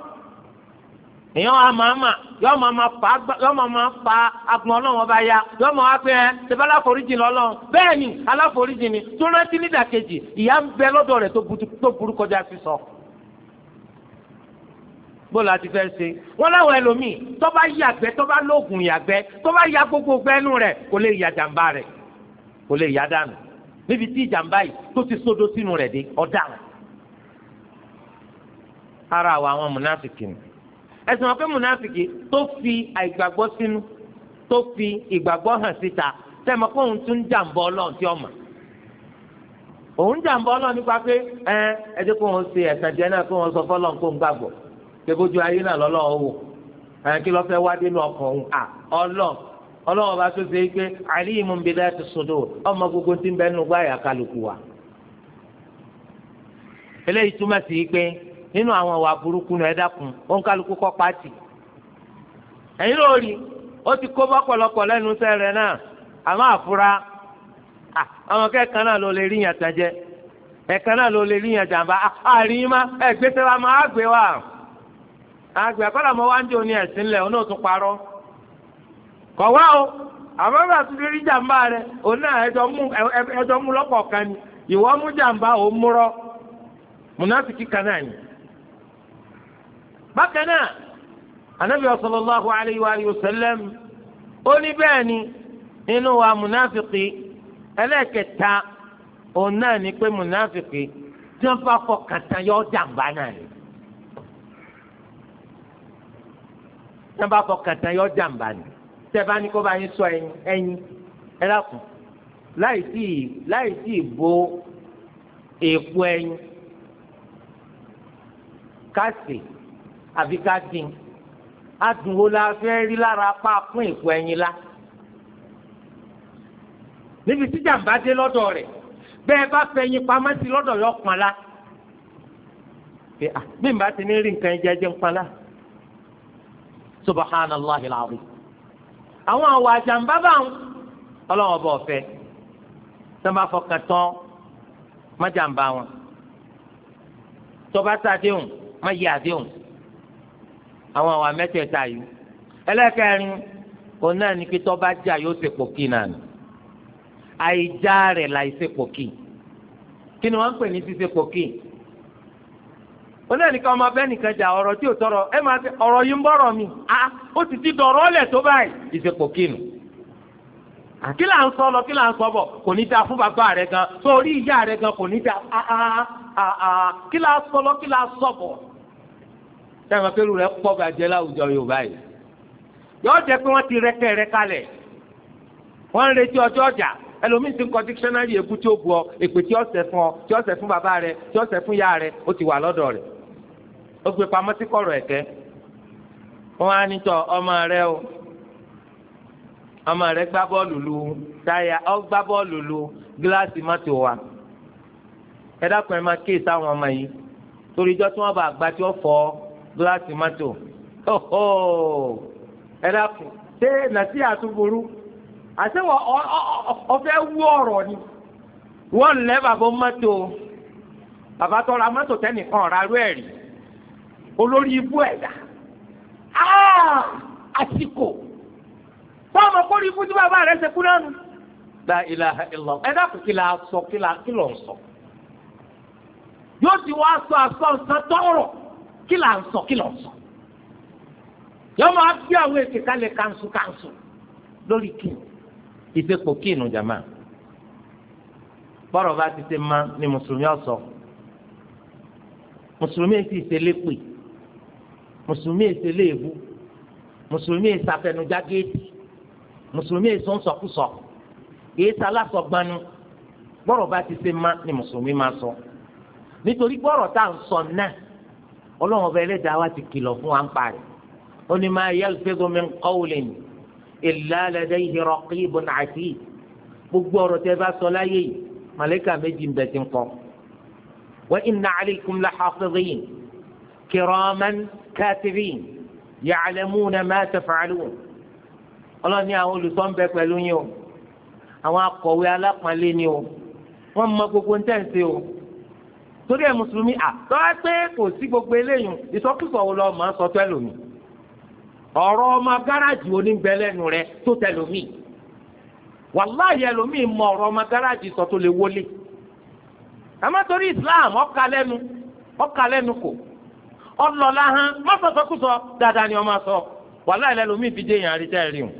èèyàn wa máa ma yọ máa ma fa yọ máa ma fa agbọn ọlọ́wọ́n bá ya yọ máa wá pé ẹ eh, ṣẹbi aláforíjì lọ́lọ́run bẹ́ẹ̀ ni aláforíjì ni tó rántí nídàkejì ìyá ń bẹ lọ́dọ̀ rẹ̀ tó burú kọjá sísọ. So bó la ti fẹ́ ṣe wọn láwọn ẹlòmíì tó bá yàgbẹ́ tó bá lóògùn yàgbẹ́ tó bá ya gbogbo gbẹ́nu rẹ̀ kò lè ya jàǹbá rẹ̀ kò lè ya dànù níbi tí ìjàǹbá yìí tó ti sódó sínú rẹ̀ dé ọ̀daràn ara àwọn àwọn mùnáfìkì ni ẹ̀sìn wọn pé mùnáfìkì tó fi àìgbàgbọ́ sínú tó fi ìgbàgbọ́ hàn síta tẹ́mọ̀ pé òun tún jàǹbá ọlọ́run tí ọmọ òun jàǹbá ọlọ́run nípa pé ẹ ẹ jẹ́ kó wọn ṣe ẹ̀sìn jẹ́ náà kó wọn sọ fọ́lọ́run tẹ́gbójú ayé náà lọ́lọ́wọ́ wò ẹ̀ lọ́fẹ́ wá dénú ọkọ̀ ọ̀hún à ọlọ́ ọlọ́wọ́ bá tó ṣe é pé àlímù bi láti sọdọ̀ ọmọ gbogbo ń bẹ gbáyà kálukú wa. eléyìí i pé nínú àwọn burúkú kálukú kọ́ ẹ̀yin ló rí ó ti kó bọ́pọ̀lọpọ̀ lẹ́nu sẹ́rẹ̀ náà àmọ́ àfura àwọn kẹ́kàn náà ló lè rí jẹ náà ló lè rí àríyìn wa. àgbẹ̀ kọ́lá ọwa ndị ń dé òní ẹ̀sìn lẹ̀ òun o àbábà tún fi rí jàǹbá rẹ̀ òun náà ẹjọ́ mú kan ni ìwọ mú jàǹbá òun múrọ́ mùnàfíkì kan náà ni. bákan náà anabi alayhi wa sallam ó ní bẹ́ẹ̀ ni wa ẹlẹ́kẹta òun náà pé tí wọ́n bá fọ tí wọ́n bá fọkàn tán yọ jàǹbá ni tẹ́ bá ní kó bá yín sọ ẹyin ẹyin ẹ dákun láì sí láì sí ìbò èèpo ẹyin káàsì àfi ká adùnwó la fẹ́ rí lára apá fún èèpo ẹyin la níbi tí jàǹbá dé lọ́dọ̀ rẹ̀ bẹ́ẹ̀ bá fẹ̀yìn pamọ́ sí lọ́dọ̀ yọ pọ́n la ah, bí n bá ti ní rí nǹkan jẹ́jẹ́ ń la subhanallahi alazim àwọn àwọn àjàmbá bá ń ọlọ́run ọba ọ̀fẹ́ sábà fọkàn tán má jàmbá wọn tọba sàdéhùn má yẹ àdéhùn àwọn àwọn mẹ́tẹ̀ẹ̀ta yìí ẹlẹ́kẹ̀rin òun náà ní kí tọba jà yóò ṣe pòkì náà nù àìjà rẹ̀ láì ṣe pòkì kí ni wọ́n ń pè ní ṣíṣe pòkì onínàníkan ọmọ abẹ́ nìkan jà ọ̀rọ̀ tí ò tọrọ ẹ máa ṣe ọ̀rọ̀ yìí ń bọ̀rọ̀ mi a ó ti ti dọ̀rọ̀ ọ̀lẹ̀ tó báyìí ìṣepò kínu. kí là ń sọ lọ kí là ń sọ bọ̀ kò ní dáa fún bàbá rẹ gan sórí ìyá rẹ gan kò ní dáa kí là sọ lọ kí là rẹ pọ̀ kọ tí ó bu ọ èpè tí fún ọ tí fún bàbá rẹ tí wà lọdọ ó gbé pamọ́ sí kọ̀rọ̀ ẹ̀kẹ́ wọ́n á nítọ̀ ọmọ rẹ o ọmọ rẹ gbá bọ́ọ̀lù lu táyà ọ gbá bọ́ọ̀lù lu gíláàsì mọ́tò wa ẹ dákun ẹ máa kíyè sáwọn ọmọ yìí torí ijọ́ tí wọ́n bá gba tí wọ́n fọ́ gíláàsì mọ́tò ẹ dákun ṣé nàṣí àtúburú àṣewọ ọfẹ wú ọ̀rọ̀ ni wọ́n lẹ́ bàbá mọ́tò bàbá tọrọ amọ́tò tẹ́nìkan ọ̀rá rú ẹ̀rí olórí ibú ẹ̀dá ah, àsìkò fọ́ọ̀mù kórì ibú tí bàbá rẹ̀ ṣe kú náà nù. la ilaha illallah ẹ̀dá kò kí la sọ kí la kí lọ sọ yóò ti wá sọ àsọ nsán tọrọ kí la ń sọ kí lọ sọ yóò máa bí àwọn ètè kalẹ̀ kanṣu kanṣu lórí kí ìfẹ́kọ̀ kí ìnú jàmá bọ́rọ̀ bá ti ṣe máa ni mùsùlùmí ọ̀sọ́ mùsùlùmí ti ṣe lépè mùsùlùmí èsè léèbù mùsùlùmí èsè afẹnujá géètì mùsùlùmí èsè ńsọkúsọ èsè alásọgbanu gbọ́rọ̀ bá ti ṣe má ni mùsùlùmí máa sọ nítorí gbọ́rọ̀ tá à ń sọ náà ọlọ́run ọba ẹlẹ́dàá wa ti kìlọ̀ fún wa ń parí ó ní ma yalfizu min qawlin illa ladayhi raqibun atid gbogbo ọ̀rọ̀ tẹ́ bá sọ láyé yìí màlẹ́kà méjì ń bẹ ti ń kọ́ wa inna alaykum la hafizin kiraman كاتبين يعلمون ما تفعلون الله ní àwọn olùsọ ń bẹ pẹ̀lú yín o àwọn يوم alápọ̀nlé ni o wọ́n mọ gbogbo ń tẹ̀sí o torí ẹ̀ mùsùlùmí à lọ́wọ́ pé kò sí gbogbo eléyìí ìsọkúsọ wo lọ́ọ́ máa sọ tẹ́lómi ọ̀rọ̀ ọmọ gáràjì onígbẹ́lẹ́nu rẹ tó tẹ́lómi wàláyé ẹlòmíì mọ ọ̀rọ̀ ọmọ gáràjì sọ tó lè wọlé àmọ́ torí Islam ọ̀ka lẹ́nu ọ̀ka lẹ́nu kò. ọlọ́lá hàn má sọ̀sọ́kùsọ dáadáa ni ọmọ sọ wàhálà ìlẹ́lómi ìdíje yẹn àríjá ẹ̀rí o.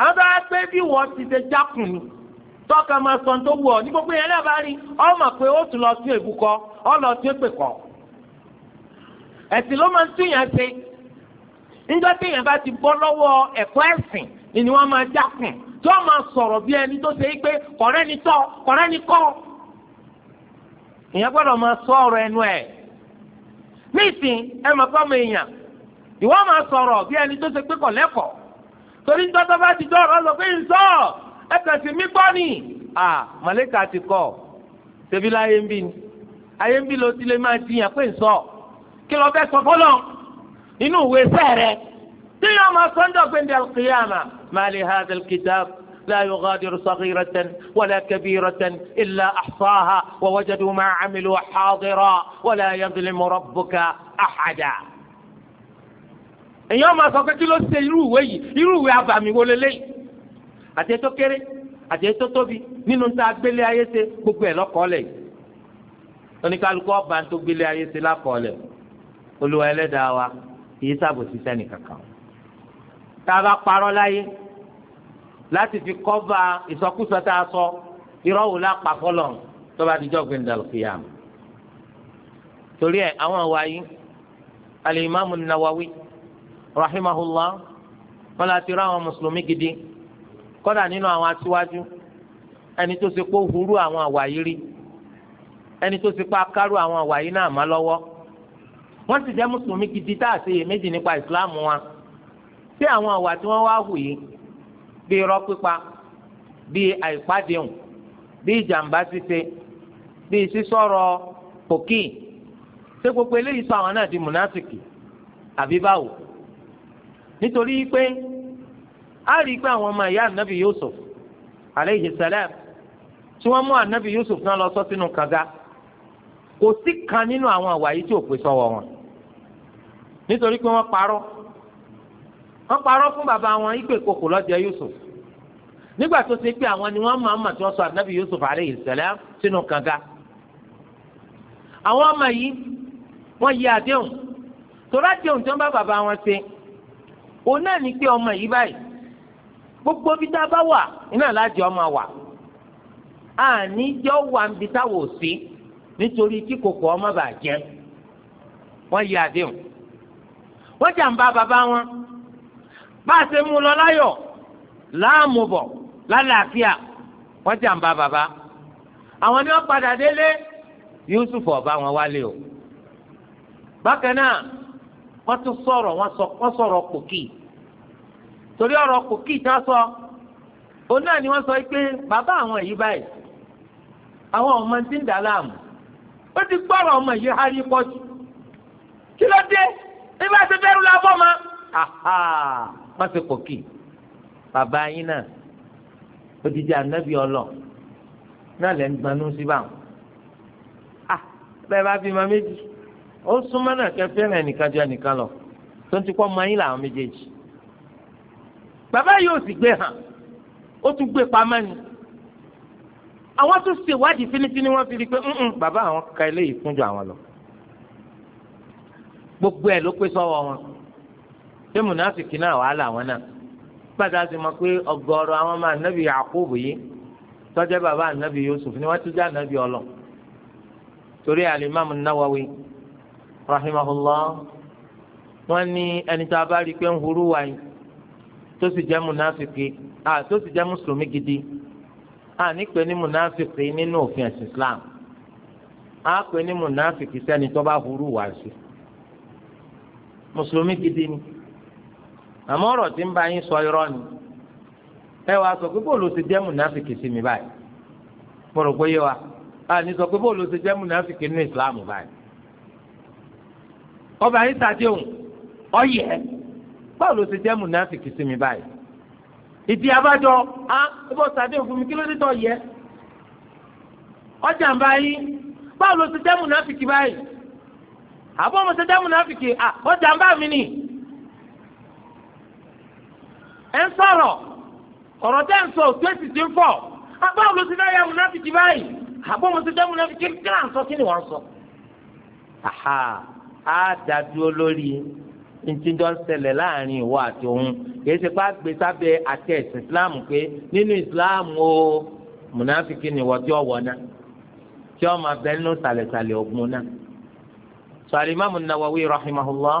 àwọn bá pé bí ti ṣe jákùn ni tọ́ka máa sọ tó wù ọ́ ní gbogbo yẹn náà rí ọmọ pé ó tún lọ sí ọ kọ. ló máa ń tún yẹn ṣe tí yẹn bá ti bọ́ lọ́wọ́ ẹ̀kọ́ ẹ̀sìn ni wọ́n máa jákùn tí wọ́n máa sọ̀rọ̀ bí ẹni tó ṣe pé sọ ọ̀rọ̀ ẹnu nísìn ẹ mọ̀ fọ́mọ èèyàn ìwọ máa sọ̀rọ̀ bí ẹni tó ṣe pé kọ̀ lẹ́kọ̀ọ́ torí ń tọ́tọ́ bá ti dọ́ ọ̀rọ̀ sọ pé ń sọ ẹ kàn sí mí gbọ́ ni à màlẹ́kà ti kọ̀ ṣèbí láyé ń bí ni ayé ń bí ló ti lè máa jiyàn pé ń sọ kí lọ fẹ́ sọ fọlọ́ inú ìwé sẹ́ẹ̀rẹ́ tí yóò máa sọ́ńdọ̀ gbẹ̀ndẹ̀ al-qiyama mali hadha al-kitab لا يغادر صغيرة ولا كبيرة إلا أحصاها ووجدوا ما عملوا حاضرا ولا يظلم ربك أحدا èyàn máa sọ pé kí ló ṣe irú ìwé yìí irú ìwé abàmì wo lélẹ́yìí àti ètò kéré àti ètò tóbi nínú tá a gbélé ayé ṣe gbogbo ẹ̀ lọ́kọ́ọ́lẹ̀ yìí oníkálukú ọba tó gbélé ayé ṣe lákọ́ọ́lẹ̀ olùwà ẹlẹ́dàá wa kì í ṣàbòsí sẹ́nì kankan tá a bá parọ́ láyé láti fi kọ́va ìsọkúsọ tá a sọ irọ́ wò lá pa fọlọ́ tó bá dijọ́ gbé ndàlù kìyàm. torí ẹ àwọn wáyé alimami nawawi rahimahullah wọn láti rá àwọn mùsùlùmí gidi kọ́dà nínú àwọn aṣíwájú ẹni tó ṣe pé ó hurú àwọn àwàyí rí ẹni tó ṣe pé akárò àwọn àwàyí náà má lọ́wọ́ wọ́n sì jẹ́ mùsùlùmí gidi tá a ṣe iyèméjì nípa ìsìláàmù wa ṣé àwọn àwà tí wọ́n wá hù yìí bí irọ́ pípa bí àìpádéhùn bí ìjàmbá ṣíṣe bí sísọ̀rọ̀ pòkì ṣé gbogbo eléyìí sọ àwọn náà di mùnásìkì àbí báwo nítorí pé a rí i pé àwọn ọmọ ìyá ànábì Yusuf aleyhi salam tí wọ́n mú ànábì Yusuf náà lọ sọ sínú kànga kò sí kan nínú àwọn àwàyí tí ò pè sọ́wọ́ wọn nítorí pé wọ́n parọ́ wọ́n parọ́ fún bàbá wọn ìpè kòkò lọ́jọ́ Yusuf nígbà tó ṣe pé àwọn ni wọ́n máa ń mà tí wọ́n sọ ànábì Yusuf aleyhi salam sínú kànga àwọn ọmọ yìí wọ́n yí àdéhùn torí àdéhùn tí wọ́n bá bàbá wọn ṣe òun náà ní pé ọmọ yìí báyìí gbogbo bí tá a bá wà iná lájọ ọmọ wà àníjọ wà ń bi táwọ sí nítorí kí kòkò ọmọ bàjẹ́ wọ́n yí àdéhùn wọ́n jàǹbá bàbá wọn. bá a ṣe mú lọ láyọ̀ láàmú bọ̀ lálàáfíà wọ́n jàǹbá àwọn ni wọ́n padà délé Yusuf ọba wọn wálé o bákan náà wọ́n tún sọ̀rọ̀ wọ́n sọ̀rọ̀ pòkì torí ọ̀rọ̀ sọ òun náà ni wọ́n sọ pé bàbá àwọn yìí báyìí àwọn ọmọ ti ń dà láàmú ó ti gbọ́rọ̀ ọmọ yìí kí ló má ṣe kòkì bàbá yín náà odidi anabi ọlọ náà lẹ ń gbanú sí báwọn ah bẹ́ẹ̀ bá bímọ méjì ó súnmọ́ náà kẹ fẹ́ràn ẹnìkan ju ẹnìkan lọ tó ń tikọ́ mọ yín làwọn méjèèjì bàbá yóò sì gbé hàn ó tún gbé pamọ́ ni àwọn tó ṣe ìwádìí fínífíní wọn fi rí i pé bàbá àwọn ka eléyìí fún ju àwọn lọ gbogbo ẹ̀ ló pé sọ́wọ́ wọn ṣé mùnàfíkì náà wàhálà wọn náà gbàdá ti mọ pé ọ̀gọ̀rọ̀ àwọn ọmọ anabi Yakubu yìí tọjá bàbá anabi Yusuf ni wọn ti já anabi ọlọ torí alimami Nawawi rahimahullah wọn ní ẹni tá a bá rí i pé ń hurú wa yìí tó sì jẹ́ mùnàfíkì à tó sì jẹ́ mùsùlùmí gidi à ní pé ní mùnàfíkì nínú òfin ẹ̀sìn Islam à pé ní mùnàfíkì sẹ́ni tó bá hurú wa sí mùsùlùmí gidi ni. àmọ́ ọ̀rọ̀ tí ń bá yín sọ irọ́ ni ẹ wàá sọ pé bóòlù ti jẹ́ mùnáfìkì sí mi báyìí mo rò pé yé wa a ní sọ pé bóòlù ti jẹ́ mùnáfìkì nínú ìsìláàmù báyìí ọba yín sàdéhùn ọyẹ bóòlù ti jẹ́ mùnáfìkì sí mi báyìí ìdí abájọ a bó sàdéhùn fún mi kí ló dé yẹ ọjà ń bá yín bóòlù ti jẹ́ mùnáfìkì báyìí àbọ̀ mo ti jẹ́ mùnáfìkì ọjà ń bá mi nìyí. ẹ̀ ń sọ̀rọ̀ ọ̀rọ̀ tẹ́ ń sọ òtún èsì ti ń fọ̀ abá òun ló ti dáyà múnáfìkì báyìí àbọ̀ òun ti dá múnáfìkì kí là ń sọ kí ni wọ́n sọ. àhà á dàdúró ntí jọ ń láàrin ìwọ àti òun kì ṣe pé àgbè sábẹ́ àti ẹ̀sìn Islam pé nínú Islam o múnáfìkì ni wọ́n ti ọ̀wọ́ náà tí wọ́n máa bẹ nínú sàlẹ̀sàlẹ̀ ọ̀gbun náà. sọ Al-Imam An-Nawawi rahimahullah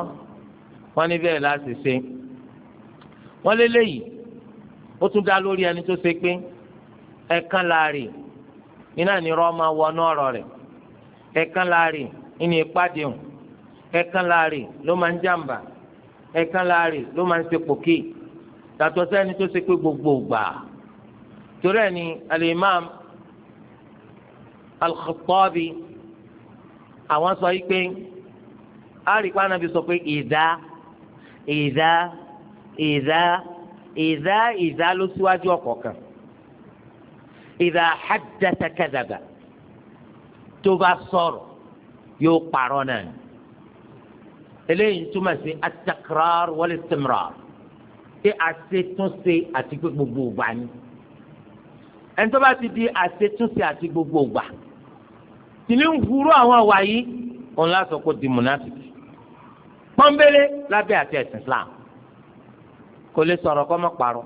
wọ́n ní bẹ́ẹ̀ láti ṣe wọ́n léléyìí ó tún dá lórí ẹni tó ṣe pé ẹ̀ẹ̀kan láàrin iná nírọ́ máa wọnú ọ̀rọ̀ rẹ̀ ẹ̀ẹ̀kan láàrin ìní ìpàdé hùn ẹ̀ẹ̀kan láàrin ló máa ń jàǹbá ẹ̀ẹ̀kan láàrin ló máa ń ṣe pòkì yàtọ̀ sẹ́ni tó ṣe pé gbogbo gbà torí ẹ̀ ni al-Imam àwọn sọ yìí pé àríkpá nàbí sọ pé ìdá ìdá ìdá ìdá ìdá ló síwájú ọ̀kọ̀ọ̀kan ìdá haddatha kadhaba tó bá sọ̀rọ̀ yóò parọ́ náà ni eléyìí túmọ̀ sí atakrar wal istimrar ṣé àṣetúnṣe àti gbogbo ìgbà ni ẹni tó bá ti di àṣetúnṣe àti gbogbo ìgbà tìlí ń hurú àwọn àwà òun láti sọ pé di pọ́nbélé lábẹ́ àti ẹ̀sìn Islam kò lè sọ̀rọ̀ kọ́ mọ́ parọ́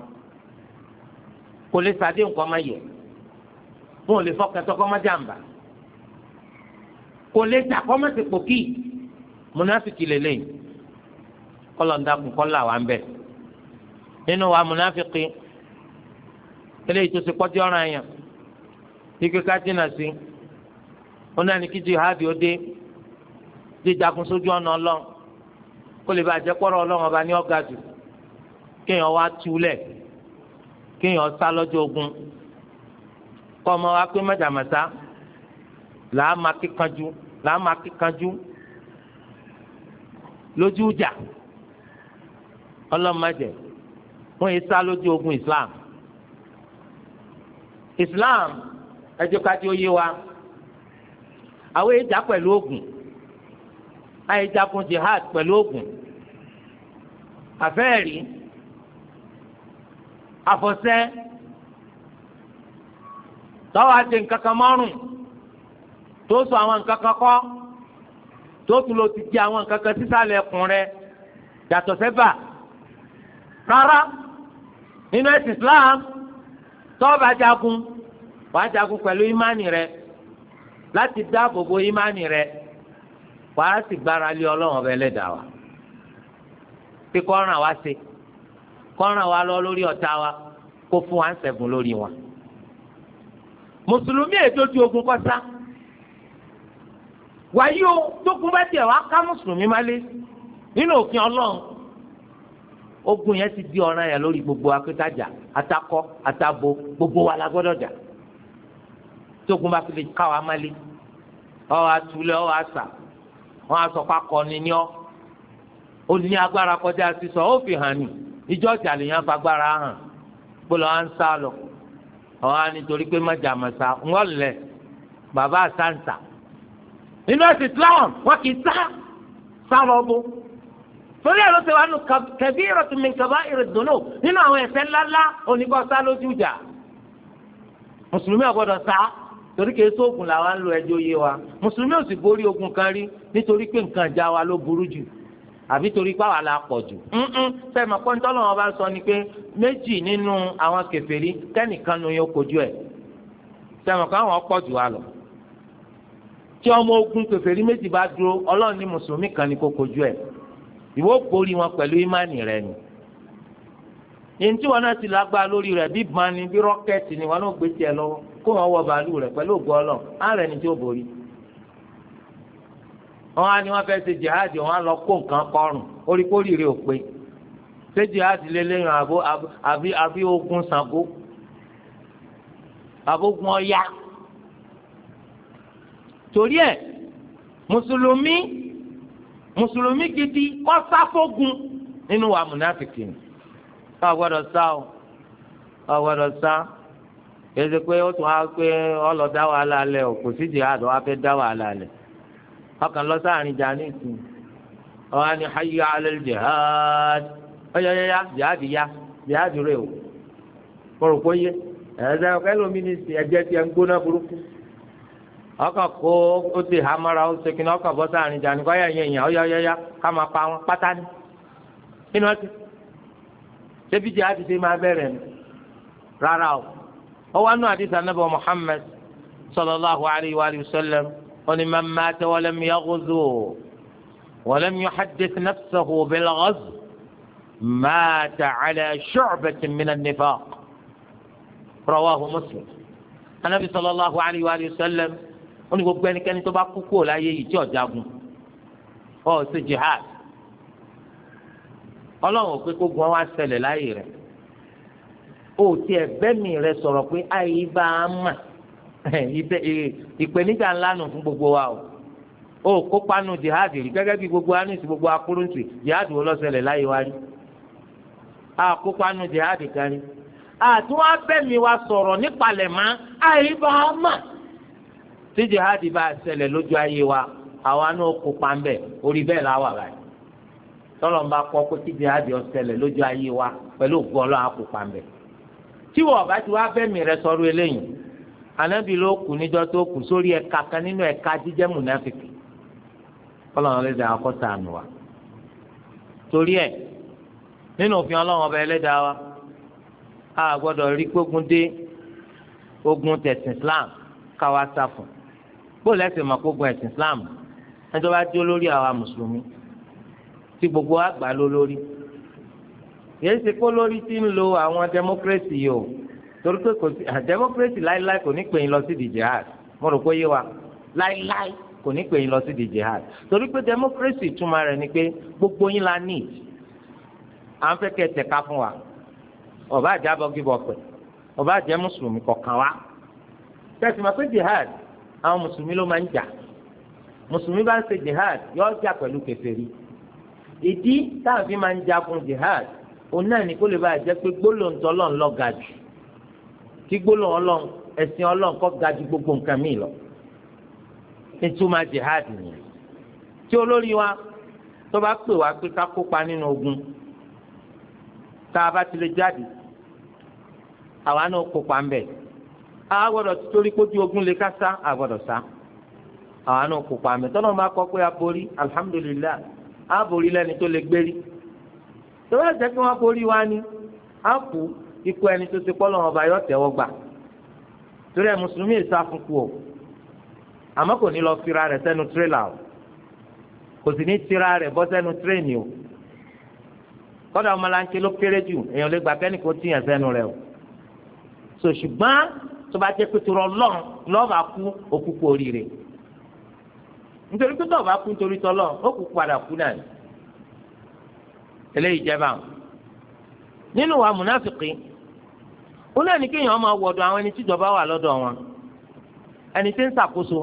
kò lè sàdé nǹkan mọ́ yẹ wọn ò lè fọkàntọ́ kọ́ mọ́ jàǹbá kò lè sà kọ́ mọ́ sèpò kí múnáfìkì lélẹ́yìn kọ́lọ̀ ń dákun kọ́lọ̀ àwọn bẹ̀ nínú wa múnáfìkì eléyìí tó ti ọ̀ràn yẹn kíkẹ́ ká dínà sí ó náà ní kí jihadi ó dé jíjagun sójú ọ̀nà ọlọ́run kó lè bàjẹ́ kọ́rọ̀ ọlọ́run ọba ní ọ̀gá jù kéèyàn wá túlẹ̀ kéèyàn sá lọ́jọ́ ogun kọ́ ọmọ wa pé mẹ́tàmẹ́ta làá máa kíkanjú làá máa kíkanjú lójú ìjà ọlọ́mọdé wọ́n yìí sá lójú ogun Islam Islam ẹjọ́ kájí ó yé wa àwọn ìjà pẹ̀lú ogun àìjagun jihad pẹ̀lú ogun àfẹ́ẹ̀rí. àfọ̀sẹ́ tọ́wọ́ àti nkankan kan mọ́rùn tó sọ àwọn nǹkan kan kọ́ tó tún lọ ti di àwọn nkankan kan sísàlẹ̀ ẹkùn rẹ yàtọ̀ sẹ́bà rárá nínú ẹ̀sìn Islam tọ́wọ́ bá jagun wàá jagun pẹ̀lú ìmánì rẹ láti dáàbò bo ìmánì rẹ wàá sì gbára lé Ọlọ́run ọba wa kíkọ́ ràn wá sí kọ́ran wa lọ lórí ọ̀tá wa kó fún wa ń ṣẹ́gun lórí wọn. mùsùlùmí ètò ojú ogun kọ́sá wàyí o tókun bá tiẹ̀ wá ká mùsùlùmí má lé nínú òfin ọlọ́run ogun yẹn ti di ọ̀ràn yẹn lórí gbogbo akétajà atakọ atabo gbogbo wa la gbọ́dọ̀ jà tókun bá fi lè ká wa má lé ọwọ́ atúlẹ̀ ọwọ́ àṣà wọn asọ̀pá kọ́ni ní ọ́ ó ní agbára kọjá sísọ ó fi hàn ní ìjọ tí àlèyàn fagbára hàn gbọ́dọ̀ à ń sá lọ ọ̀hún á nítorí pé mọ̀jà mọ̀sá ńwọ́n lẹ̀ bàbá àsáǹsà nínú ẹ̀sìn Islam wọn kì í sá sá lọ bó torí ẹ̀ ló ṣe wá nù kẹ̀bí ìrọ̀tún mi kẹ̀bá ìrìndùnú nínú àwọn ẹ̀ṣẹ̀ ńláńlá onígbà sá lójú ìjà mùsùlùmí ọ̀gbọ́dọ̀ sá torí kìí sóògùn làwọn ń lo ẹjọ́ yé wa mùsùlùmí ò sì borí ogun kan rí nítorí pé nǹkan ìjà wa ló burú jù àbí torí pàwọn la pọ̀ jù fẹ́ẹ́ mọ̀ pọ́ńtọ́ lọ́wọ́ bá sọ ni pé méjì nínú àwọn kèfèrí kẹ́nìkan ló yẹ kojú ẹ̀ fẹ́ẹ́ mọ̀ káwọn pọ̀ jù wa lọ. tí ọmọ ogun kèfèrí méjì bá dúró ọlọ́run ní mùsùlùmí kan ni kò kojú ẹ̀ ìwọ borí wọn pẹ̀lú ìmánì rẹ ni. èyí tí wọn náà ti lágbára lórí rẹ bí bani bí rọ́kẹ́tì ni wọn náà gbé tiẹ̀ lọ́wọ́ kó wọn wọ bàálù rẹ pẹ̀lú ògo wọn á ní wọn fẹẹ ṣe jihadi wọn á lọ kó nǹkan kọrùn orí kórìíre òpin ṣé jihadi lélẹyìn àbó àbí àbí ogun Ṣàngó àbógun Ọya torí ẹ mùsùlùmí mùsùlùmí gidi wọn sáfógun nínú wa múnáfìkì ni wọn gbọ́dọ̀ sá o wọn gbọ́dọ̀ sá kí ṣe pé ó tún á pé ọlọ́dá wàhálà lẹ o kò sí jihadi wọn á fẹ́ dá wàhálà lẹ. ọkàn lọ sáàrin jà ní ìsìn ọ̀hán ni hayya alal jihad ọ̀yọ̀yọ̀yà ya jihadi rẹ̀ o mo rò yé ẹ̀ẹ́dẹ́ ẹlòmíì ní ìsìn ẹ̀jẹ̀ ń gbóná burúkú ọkàn kó ó ti hamara ó ṣe kíni ọkàn bọ́ sáàrin jà ní ká máa pa wọn pátá inú ọtí ṣébi máa ni rárá o anú àdìsá sọlọ alayhi wa wọ́n ní man mata wa lam yaghzu wa lam yuhaddith nafsahu bil ghazw mata ala shu'batin min an-nifaq rawahu muslim anabi sallallahu alayhi wa sallam wọ́n ní gbogbo ẹnikẹ́ni tó bá kú kúrò láyé yìí tí ó jagun ó ṣe jihad ọlọ́run ò pé kó gun wá ṣẹlẹ̀ láyé rẹ̀ ó tiẹ̀ bẹ́mi rẹ̀ sọ̀rọ̀ pé àyè bá a mà ìpèníjà ńlá nù fún gbogbo wa o ó kópa nù jihadi rí gẹ́gẹ́ bí gbogbo anúsì gbogbo akúrúntì jihadi wo lọ́sẹ̀lẹ̀ láyé wa rí a kópa nù jihadi kan àti àtúwọ́ abẹ́mi wa sọ̀rọ̀ nípalẹ̀ mọ́ àyíbá mà tí jihadi bá lójú ayé wa àwa náà kópa orí bẹ́ẹ̀ báyìí tọ́lọ̀ ń bá kọ́ pé tí jihadi lójú ayé wa pẹ̀lú àkópa tí bá anabi ló kù níjọ́ tó kù sórí ẹ̀ka kan nínú ẹ̀ka jíjẹ́ múnáfìkì Ọlọ́run lẹdàá akọta ànú wa torí ẹ nínú òfin Ọlọ́run ọba ẹlẹ́dàá wa a gbọ́dọ̀ rí gbógun dé ogun tẹ̀sìn Islam káwa sá fún bóòlù ẹsẹ mọ gbógun ẹ̀sìn Islam ẹjọ bá dé olórí àwa mùsùlùmí tí gbogbo wa gbà ló lórí yẹn ṣe kó lórí ti ń lo àwọn democracy yìí o torí pé kò sí democracy láíláí kò ní pè lọ sí di jihad mo rò pé yé wa láíláí kò ní pè lọ sí di jihad torí pé democracy túmọ̀ rẹ̀ ni pé gbogbo yín la need à ń fẹ́ kẹ́ tẹ̀ka fún wa ọba àjábọ̀ gíbọ̀ pẹ̀ ọba àjẹ́ mùsùlùmí kọ̀ọ̀kan wa tẹ̀sí ma pé jihad àwọn mùsùlùmí ló máa ń jà mùsùlùmí bá ń ṣe jihad yóò jà pẹ̀lú kèfèrí ìdí táwọn fi máa ń jagun jihad òun náà ní kó lè bá àjẹ́ pé gbólóńtọ́ lọ́nlọ́ ga jù kí gbólóhùn ọlọ́run ẹ̀sìn ọlọ́run kó ga ju gbogbo nǹkan míì lọ ìtumọ̀ jihad nìyẹn tí olórí wa tó bá pè wá pé ká kópa nínú ogun tá a bá ti lè jáde àwa náà kópa ń bẹ̀ a gbọ́dọ̀ torí kójú ogun lè ká sá a gbọ́dọ̀ sá àwa náà kópa ń bẹ̀ tọ́nà bá kọ́ pé a borí alihamudulilayi a borí lẹ́ni tó lè gbérí tó bá jẹ́ pé wọ́n borí wa ni a kú ikú ẹni tó ti pọ́ lọ́wọ́ ọba yọ tẹ́wọ́ gbà torí ẹ mùsùlùmí èso afúnkù o àmọ́ kò ní lọ fira rẹ̀ sẹ́nu tírélà o kò sì ní tira rẹ̀ bọ́ sẹ́nu tírèènì o kọ́dà ọmọlanke ló kéré jù èèyàn lè gbà kẹ́ni kò tìyàn sẹ́nu rẹ̀ o sò ṣùgbọ́n tó bá jẹ́ pété ọlọ́run lọ́ọ̀bà kú òkú kú oríire nítorí pé tọ́ọ̀bà kú nítorí tọ́lọ́ ó padà kú náà eléyìí jẹ́ báwọn nínú wa múnáfìkì ó náà ní kéèyàn máa wọ̀dọ̀ àwọn ẹni tíjọba wà lọ́dọ̀ wọn ẹni tí ń ṣàkóso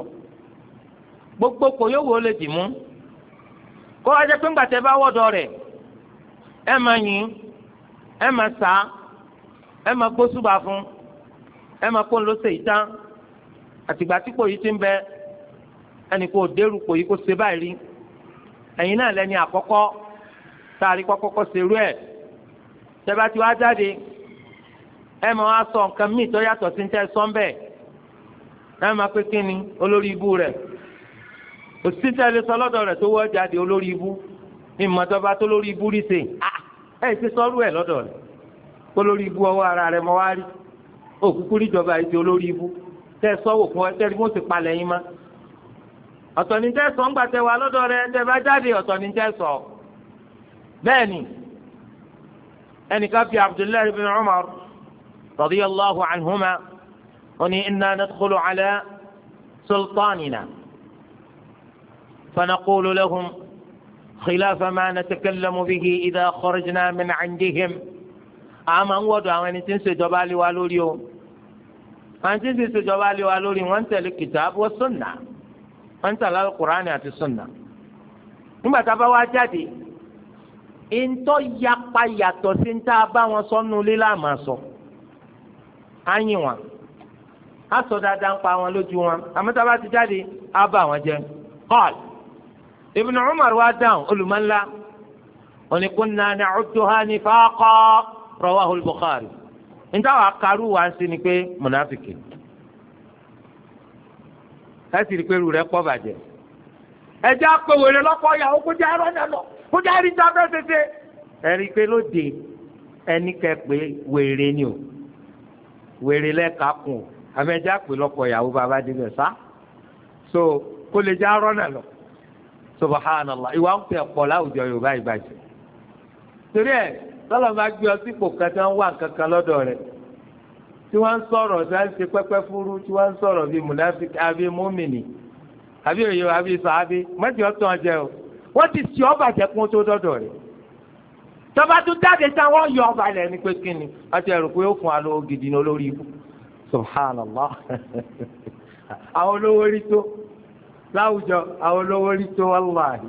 gbogbo kò yóò wò ó lè dì mú kó wá jẹ́ pé ńgbà tẹ́ bá wọ̀dọ̀ rẹ̀ ẹ máa yìn ẹ máa sá ẹ máa fún ẹ máa kó ìtàn àtìgbà tí kò yí ti ń bẹ kò dérú kò yí ṣe báyìí rí náà lẹni tá ẹ máa wá sọ nǹkan míì tó yàtọ̀ sí tẹ́ sọ́n bẹ́ẹ̀ ẹ máa pé kí ni olórí ibú rẹ̀ òsì tẹ́ lè sọ lọ́dọ̀ rẹ̀ tó wọ́ jáde olórí ibú ìmọ̀tọ́ba tó lórí ibú rí sè ẹ ti sọ́rú ẹ̀ lọ́dọ̀ rẹ̀ kó lórí ibú ọwọ́ ara rẹ̀ mọ́ wá rí òkúkú níjọba yìí ti olórí ibú tẹ́ sọ́wọ́ fún ẹ tẹ́ rí mọ́tò palẹ̀ yín má ọ̀tọ̀ ní tẹ́ sọ ńgbà tẹ́ wà lọ́dọ̀ rẹ̀ tẹ́ bá jáde ọ̀tọ̀ ní tẹ́ sọ bẹ́ẹ̀ ni ẹnìkan fi Abdullahi bin Umar رضي الله عنهما أني إنا ندخل على سلطاننا فنقول لهم خلاف ما نتكلم به إذا خرجنا من عندهم أما هو دعوان تنسي جبالي والوليو أن تنسي جبالي والولي وانت الكتاب والسنة وانت القرآن والسنة السنة tá a bá wá jáde ntọ́ yapa yàtọ̀ sí ntá a bá wọn àyìn wọn á sọ ń pa wọn lójú wọn àmọ́tàbá ti jáde á bá wọn jẹ qal Ibn Umar wa dáhùn olùmọ̀ńlá òní kunna na'udduha nifaqa rawahu al-Bukhari nítawọ̀ akarú wa ń ni pé mùnàfíkì ẹ sì rí i pé irú rẹ̀ pọ̀ bàjẹ́ ẹjẹ apẹwèrè lọkọ ìyàwó kó jẹ nàlọ kó jẹ ni o wèrè lẹ́ka kùn àmẹ́jà ìyàwó bàbá so kó lè já rọ́nà lọ subhanallah ìwà ń pè ọ̀pọ̀ láwùjọ yorùbá ìbàjẹ́ torí ẹ̀ tọ́lọ̀ gbé ọ sípò kan tí wà kankan tí ń sọ̀rọ̀ tí wọ́n ń fúru tí ń bíi àbí múmìnì àbí òye àbí sàábí mọ́tì ọ̀tún ọjẹ́ o wọ́n tọba tó jáde táwọn yọ ọba ilẹ̀ ní pé kíni pé ó fún wa gidi ní olórí ibù subhanallah àwọn olówó rí tó láwùjọ àwọn olówó rí tó wàláhì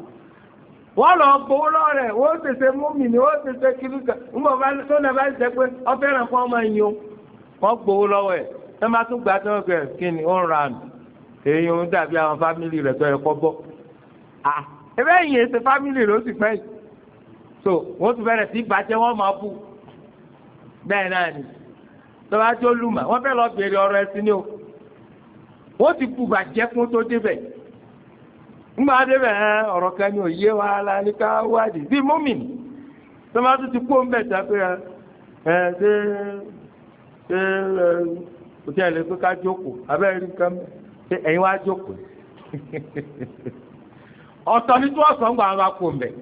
wọ́n lọ gbowó múmi ni wọ́n tètè kiri kan ńgbọ́ bá tó nà bá jẹ pé fún ọmọ o wọ́n gbowó lọ́wọ́ ẹ̀ ẹ má tún gbà tó ń kíni ó dàbí àwọn fámìlì tó yẹ ẹ bẹ́ẹ̀ yẹn ṣe fámìlì so wọ́n tún bẹ̀rẹ̀ sí bàjẹ́ wọ́n máa bù bẹ́ẹ̀ náà ni tọ́ba tó lùmọ̀ wọ́n fẹ́ lọ bèrè ọ̀rọ̀ ẹ̀sìn ni o wọ́n ti bù bàjẹ́ fún tó débẹ̀ ńgbà débẹ̀ ọ̀rọ̀ kan ni òye wa la ní ká wádìí bíi mọ́mìnì tọ́ba tó ti kó ń bẹ̀ sáfẹ́ ẹ ṣe ṣe kò tí a lè pé ká jókòó abẹ́rẹ́ nǹkan ṣe ẹ̀yin wá jókòó ọ̀tọ̀ ní tí wọ́n sọ ń gbà wọn bá kó ń bẹ̀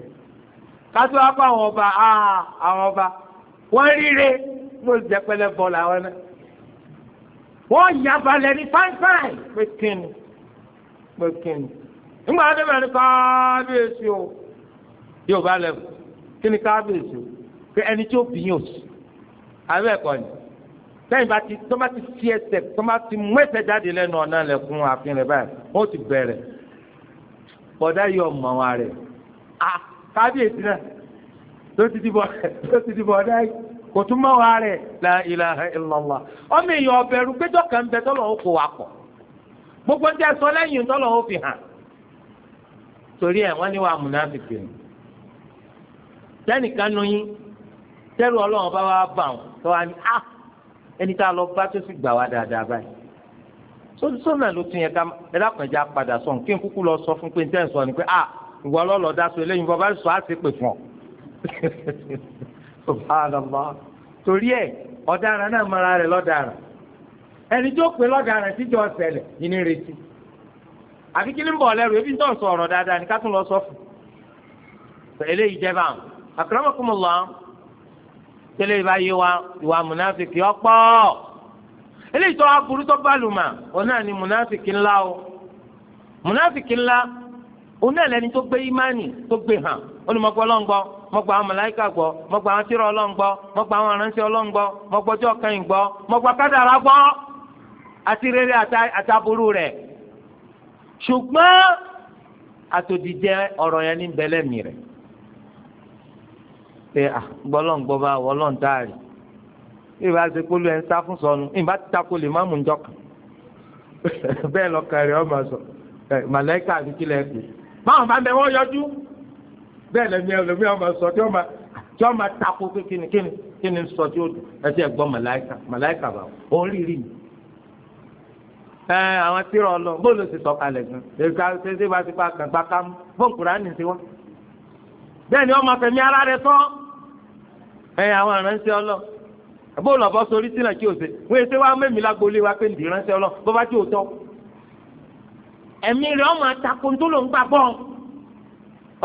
kátó apá àwọn ọba ah, àwọn ọba wọ́n ríre mo jẹ pẹlẹ bọ́ọ̀lù àwọn náà wọ́n yà balẹ̀ ní fáìfáì pé kíni pé kíni nígbà tó bẹ̀rẹ̀ kábíyèsí o yóò bá lẹ̀ kíni kábíyèsí o pé ẹni tí ó bì yín o sí àbí ẹ̀kọ́ ni sẹ́yìn bá ti tó bá ti fi ẹsẹ̀ tó bá ti mú ẹsẹ̀ jáde lẹ́nu ọ̀nà lẹ̀kùn àfihàn rẹ̀ báyìí wọ́n ti bẹ̀rẹ̀ bọ̀dá yọ ọmọ wa rẹ̀ ah. kábíyèsí náà tó ti dìbò ọ̀dá yìí kò tún mọ́ rẹ̀ la ilaha ọmọ èèyàn ọ̀bẹ̀rù péjọ kan bẹ tọ́lọ̀ ó kó wa pọ̀ gbogbo ń tẹ́ sọ lẹ́yìn tọ́lọ̀ ó fi hàn torí ẹ̀ wọ́n ní wa tẹ́nìkan nu yín tẹ́rù ọlọ́run bá wa ní a ah, ẹni tá a lọ bá tó sì gbà wá dáadáa báyìí sọ́nà ló tún yẹ ká já padà sọ̀n kí n kúkú lọ sọ fún pé ń a. Ah, ìwọ ọlọ́lọ́ dá so eléyìí bá sọ á pè fún ọ. torí ẹ ọ̀daràn náà mara rẹ lọ́daràn ẹni tó pè lọ́daràn tíjọ ọ̀sẹ̀lẹ̀ yìí retí kí ni ń bọ̀ lẹ́rù ebi ń sọ dáadáa ní lọ sọ fún eléyìí jẹ́ bá akramakumullah tẹ́lẹ̀ ìbá yé wa ìwà eléyìí tó tó bá òun náà ni ńlá o òun náà lẹni tó gbé ìmánì tó gbé hàn onímọ̀gbọ́ ọlọ́ngbọ́ mọ̀gbọ́ àwọn màláíkà gbọ́ mọ̀gbọ́ àwọn tírà ọlọ́ngbọ́ mọ̀gbọ́ àwọn ọlọ́ngbọ́ rere àtàbúrú rẹ̀ ṣùgbọ́n àtòdìjẹ ọ̀rọ̀ yẹn ní bẹ́lẹ́mì rẹ̀ pé à ah, gbọ́lọ́ngbọ́ bá wọ́lọ́n ìbá ṣe sá fún sọnù ìbá ti takò lè má mú bẹ́ẹ̀ lọ́kàn rẹ̀ ọ báwọn bá ń bẹ wọ́n yọjú bẹ́ẹ̀ lẹ́mi ẹlòmí ọmọ sọ tí ọmọ tí ọmọ tako pé kíni kíni kíni ń sọ tí ó ẹsẹ ẹgbọn màláìka màláìka bá òun rírì ni. ẹ àwọn tí rọ lọ bóòlù sì sọ̀kalẹ̀ gan èka ṣẹṣẹ bá ti pa kàgbá kámú fóònù kùránì ti wá. bẹ́ẹ̀ ni ọmọ fẹ̀mí ara rẹ sọ ẹ àwọn aránṣẹ́ ọlọ bóòlù ọ̀bọ sórí sínú kí o ṣe wọ́n ṣe wá mẹ́mi lágbolé wa pé ǹdí ránṣẹ́ ọlọ bó bá tí o tọ́ ẹ̀mí rẹ̀ ọmọ àtakùn tó ló ń gbàgbọ́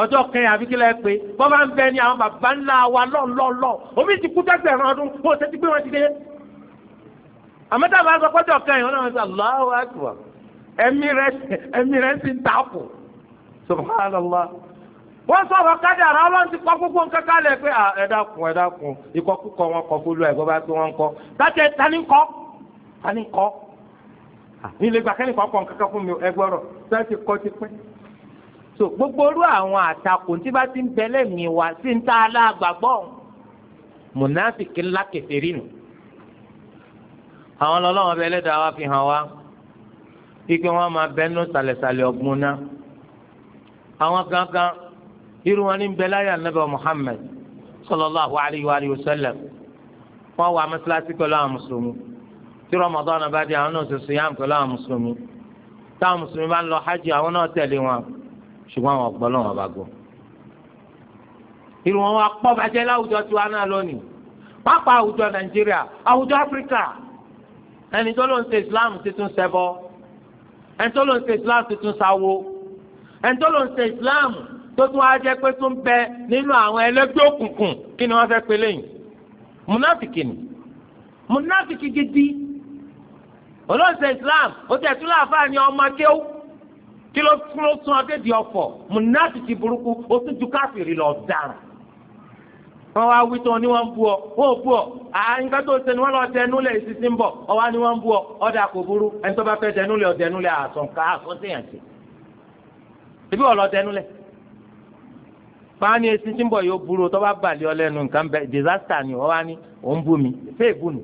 ọjọ́ kẹrin àbí kílẹ̀ pé wọ́n bá ń bẹ ní àwọn bàbá ńlá wa lọ́ọ̀lọ́ọ̀lọ́ omi ti kú tẹ́gbẹ̀rún ọdún kó o ṣe ti gbé wọn ti dé. àmọ́tá bá sọ pọ́jọ́ kẹrin wọn náà sọ Allahu Akbar ẹ̀mí rẹ̀ ẹ̀mí rẹ̀ sì ń takò subhanallah. wọ́n sọ̀rọ̀ kádàrá ọlọ́run ti kọ́ gbogbo nǹkan kálẹ̀ pé ẹ dákun ẹ dákun ìkọkúkọ wọn kọ fúlù ẹ̀ bọ́ bá gbé wọn kọ nílé ah, gba kẹ́nìkan kọ̀ kankan fún mi ẹgbọ́rọ̀ sọ ti kọ́ ti pẹ́. so gbogbo orú àwọn àtakò tí bá ti ń bẹ́lẹ̀ mi wá sí ń tá a lá gbàgbọ́ mùnáfìkì ńlá kẹfẹ́rì nù. àwọn ọlọ́wọ́n bẹ lẹ́dàá wa fi hàn wá kíkẹ́ wọn máa bẹnu sàlẹ̀sàlẹ̀ ọ̀gbun náà. àwọn gangan irú wọn ní bẹ́láyà nàbẹ̀ Muhammad sallallahu alayhi wa sallam wọ́n wà mọ́sálásí pẹ̀lú àwọn mùsùlùmí tí Ramadan bá dé àwọn náà ṣe siyam pẹ̀lú àwọn mùsùlùmí táwọn mùsùlùmí bá ń lọ hajj àwọn náà tẹ̀lé wọn ṣùgbọ́n àwọn ọ̀gbọ́n náà wọ́n bá gbọ́. irun wọn pọ̀ bàjẹ́ láwùjọ tiwa náà lónìí pápá àwùjọ Nàìjíríà àwùjọ Áfíríkà ẹni tó ló ń ṣe Islam tuntun ṣẹbọ ẹni tó ló ń ṣe Islam tuntun ṣawo ẹni tó ló ń ṣe Islam tó tún wá jẹ́ pé tó ń bẹ nínú àwọn ẹlẹ́gbẹ́ òkùnkùn kí ni wọ́n fẹ́ pe lẹ́yìn munafiki ni munafiki gidi olóòsè islam ó tẹ̀ tún láàfáà ní ọmọ akéwù kí ló tún ló tún ọdẹ di ọ̀fọ̀ mùnátìkì burúkú ó tún ju káfíìrì lọ dáhùn wọn wá wí tán ni wọn bu ọ wọn ò bu ọ nǹkan tó ṣe ni wọn lọ tẹnu lẹ ìsinsin bọ ọwọ ni wọn bu ọ ọdà kò burú ẹni tó bá fẹ́ tẹnu lẹ ọdẹnu lẹ àsọǹkà àsọǹsẹyàn ṣe ibi ọlọ tẹnu lẹ fáwọn ẹni ìsinsin bọ yóò burú tó bá balẹ̀ ọ nǹkan bẹ disaster ni wọn wá ní òun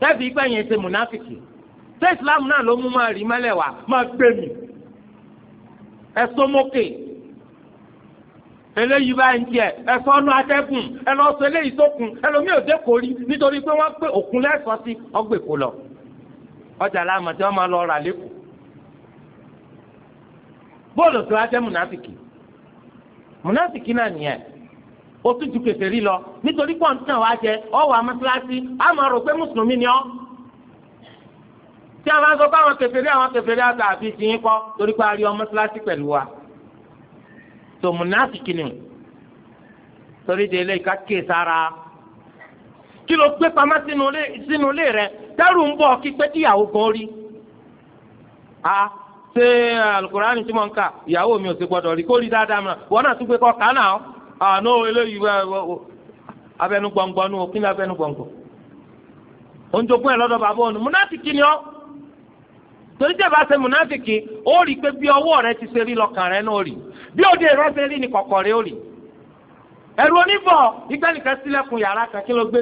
tẹ́sí ìgbà yẹn ṣe mùnáfìkì ṣé ìsìláàmù náà ló mú máa rí mẹ́lẹ̀ wá máa gbé mi ẹ̀sọ́ mókè eléyìí bá ń jẹ ẹ̀sọ́ ọ̀nà atẹ́gùn ẹ lọ sọ eléyìí ẹlòmíì ò dékòrí nítorí pé wọ́n pé òkun lẹ́sọ̀ sí ọgbẹ́ kò lọ ọjà láàmú tí wọ́n máa lọ rà lẹ́kọ̀ọ́ bóòlù tó wá jẹ́ mùnáfìkì mùnáfìkì o tún ju kèfèrí lọ nítorí pọ̀ǹtàn wa jẹ ọwọ́ amọ́síláṣí àmọ́ rò pé mùsùlùmí ni ọ́ tí a máa ń sọ pé àwọn kèfèrí àwọn kèfèrí àti àfi ti yín kọ́ torí pé a rí ọmọ́síláṣí pẹ̀lú wa tó múnáfìkì ni torí de ilé ìka ké sára kí ló gbé pamọ́ sínú ilé rẹ dẹ́rù ń bọ̀ kí pé kíyàwó gan rí a ṣe alukurani tí mo ń kà ìyàwó mi ò sì gbọdọ̀ rí kó rí dáadáa mọ́ wọn náà tún gbé kọ́ kánà ọ́. àná ah, eléyìí abẹnugbọ̀ngbọ̀n ní òkín abẹnugbọ̀ngbọ̀n òǹjogún ẹ̀ lọ́dọ̀ bàbá òun múnáfìkì ni ọ́ torí tẹ̀ bá ṣe múnáfìkì ó rí i pé bí ọwọ́ rẹ ti ṣe rí lọ́kàn rẹ náà rí bí òde rẹ ṣe rí ni kọ̀kọ̀ rẹ ó rí yàrá kan kí ló gbé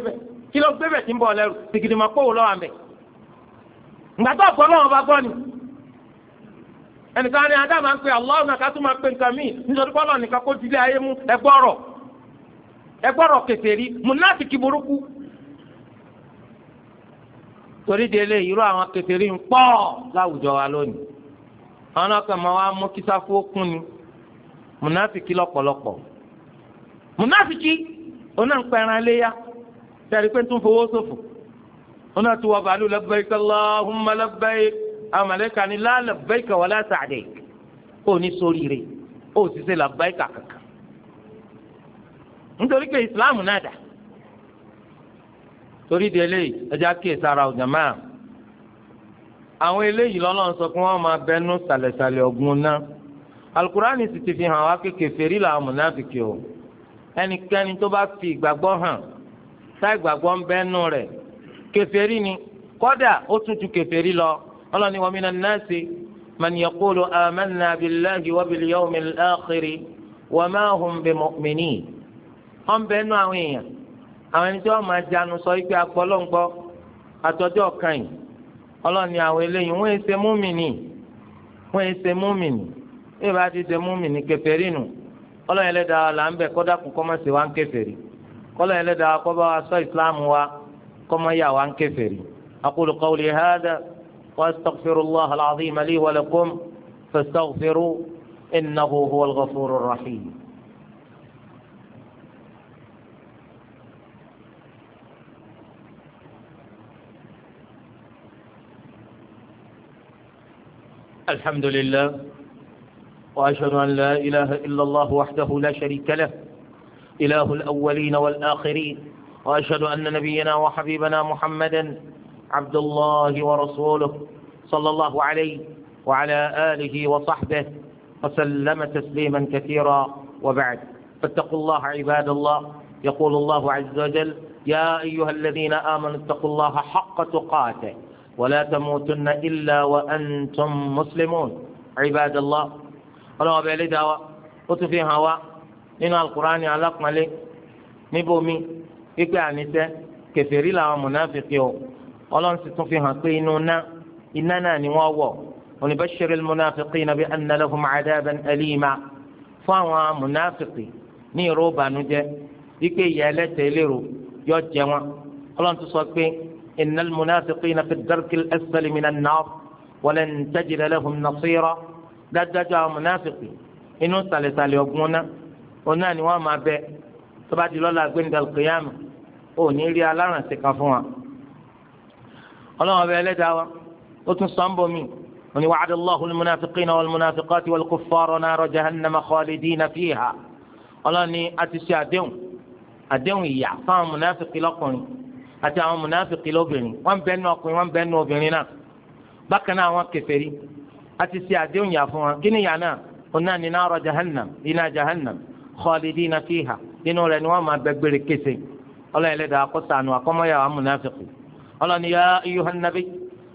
kí ló gbé tí ń ìgbà tó ẹnìkan ni Ada máa ń pe allah na ká tún máa pe nǹkan míì nítorí pọ́lọ́ nìkan kó dilé ayé mú ẹgbọ́rọ̀ ẹgbọ́rọ̀ kèfèrí iro burúkú torí délé irú àwọn kèfèrí ń pọ̀ láwùjọ wa lónìí àwọn máa wá mú kísáfù ni múnáfìkì lọ́pọ̀lọpọ̀ múnáfìkì onáǹpẹ̀ràn léyà tẹ̀rí tún fowó àwọn màlẹ́kà ni la labbaika wala sa'dik ó ní sóríire ó sì ṣe labbaika kankan nítorí pé ìsìláàmù náà dà torí de eléyìí ẹja kí ìsara ọ̀jà máa àwọn eléyìí lọ́nà sọ pé wọ́n máa bẹnu sàlẹ̀sàlẹ̀ ọ̀gbun náà alukurani sì ti fi hàn wá pé kèfèrí làwọn mùnàfíkì o ẹnikẹ́ni tó bá fi ìgbàgbọ́ hàn tá ìgbàgbọ́ ń bẹ́nu rẹ̀ kèfèrí ni kódà ó tún ju kèfèrí lọ ọlọ́ni wa minan nasi man yaqulu amanna billahi wa bil yawmil akhir wa ma hum bimu'minin wọ́n bẹ́ẹ̀ nú àwọn èèyàn àwọn ẹni tí wọ́n máa jánu sọ wípé agbọ́lọ́ngbọ́ àtọ́jọ́ kan yìí ọlọ́ni àwọn eléyìí wọ́n èsè múmìnì wọ́n èsè múmìnì bí bá ti ṣe múmìnì kèfèrí nù ọlọ́ni ẹlẹ́dàá là ń bẹ̀ kọ́dà kù kọ́ mọ́ sí wa ń kèfèrí ọlọ́ni وأستغفر الله العظيم لي ولكم فاستغفروا إنه هو الغفور الرحيم الحمد لله وأشهد أن لا إله إلا الله وحده لا شريك له إله الأولين والآخرين وأشهد أن نبينا وحبيبنا محمدا عبد الله ورسوله صلى الله عليه وعلى آله وصحبه وسلم تسليما كثيرا وبعد فاتقوا الله عباد الله يقول الله عز وجل يا أيها الذين آمنوا اتقوا الله حق تقاته ولا تموتن إلا وأنتم مسلمون عباد الله ولو بألي قلت في هوا إن القرآن على أقمله نبومي إكلا نساء كثيري لها منافقين ọlọ́run sì tún fi hàn pé inú ná iná náà ni wọ́n wọ̀ onibashiril munafiqina bi anna lahum adaban alima fún àwọn munafiki ní ìró ìbànújẹ́ wípé ìyà ẹlẹ́tẹ̀ eléro yọ jẹ wọn ọlọ́run sọ pé innal munafiqina fi darkil asfali minan nar walan tajida lahum nasira dájúdájú àwọn munafiki inú sàlẹ̀sàlẹ̀ ọ̀gbun náà òun ni wọ́n máa bẹ tó bá di kìyàmù ò ní rí alárànṣe kan fún wa ọlọ́run ọbẹ̀ ẹlẹ́dàá wa ó tún sọ ń bọ̀ mí wọn ni wa'ada Allahu al-munafiqina wal-munafiqati wal-kuffara nara jahannama khalidina fiha ọlọ́run ni a ti ṣe àdéhùn àdéhùn ìyà fáwọn munafiki lọ́kùnrin àti àwọn munafiki lóbìnrin wọ́n bẹ́ẹ̀ nù ọkùnrin wọ́n bẹ́ẹ̀ nù obìnrin náà bákan náà àwọn kèfèrí a ti ṣe àdéhùn ìyà fún wọn kí ni náà wọn náà ni wọ́n máa bẹ gbére kése ọlọ́run ọlọ́ni ya iyuhan nabi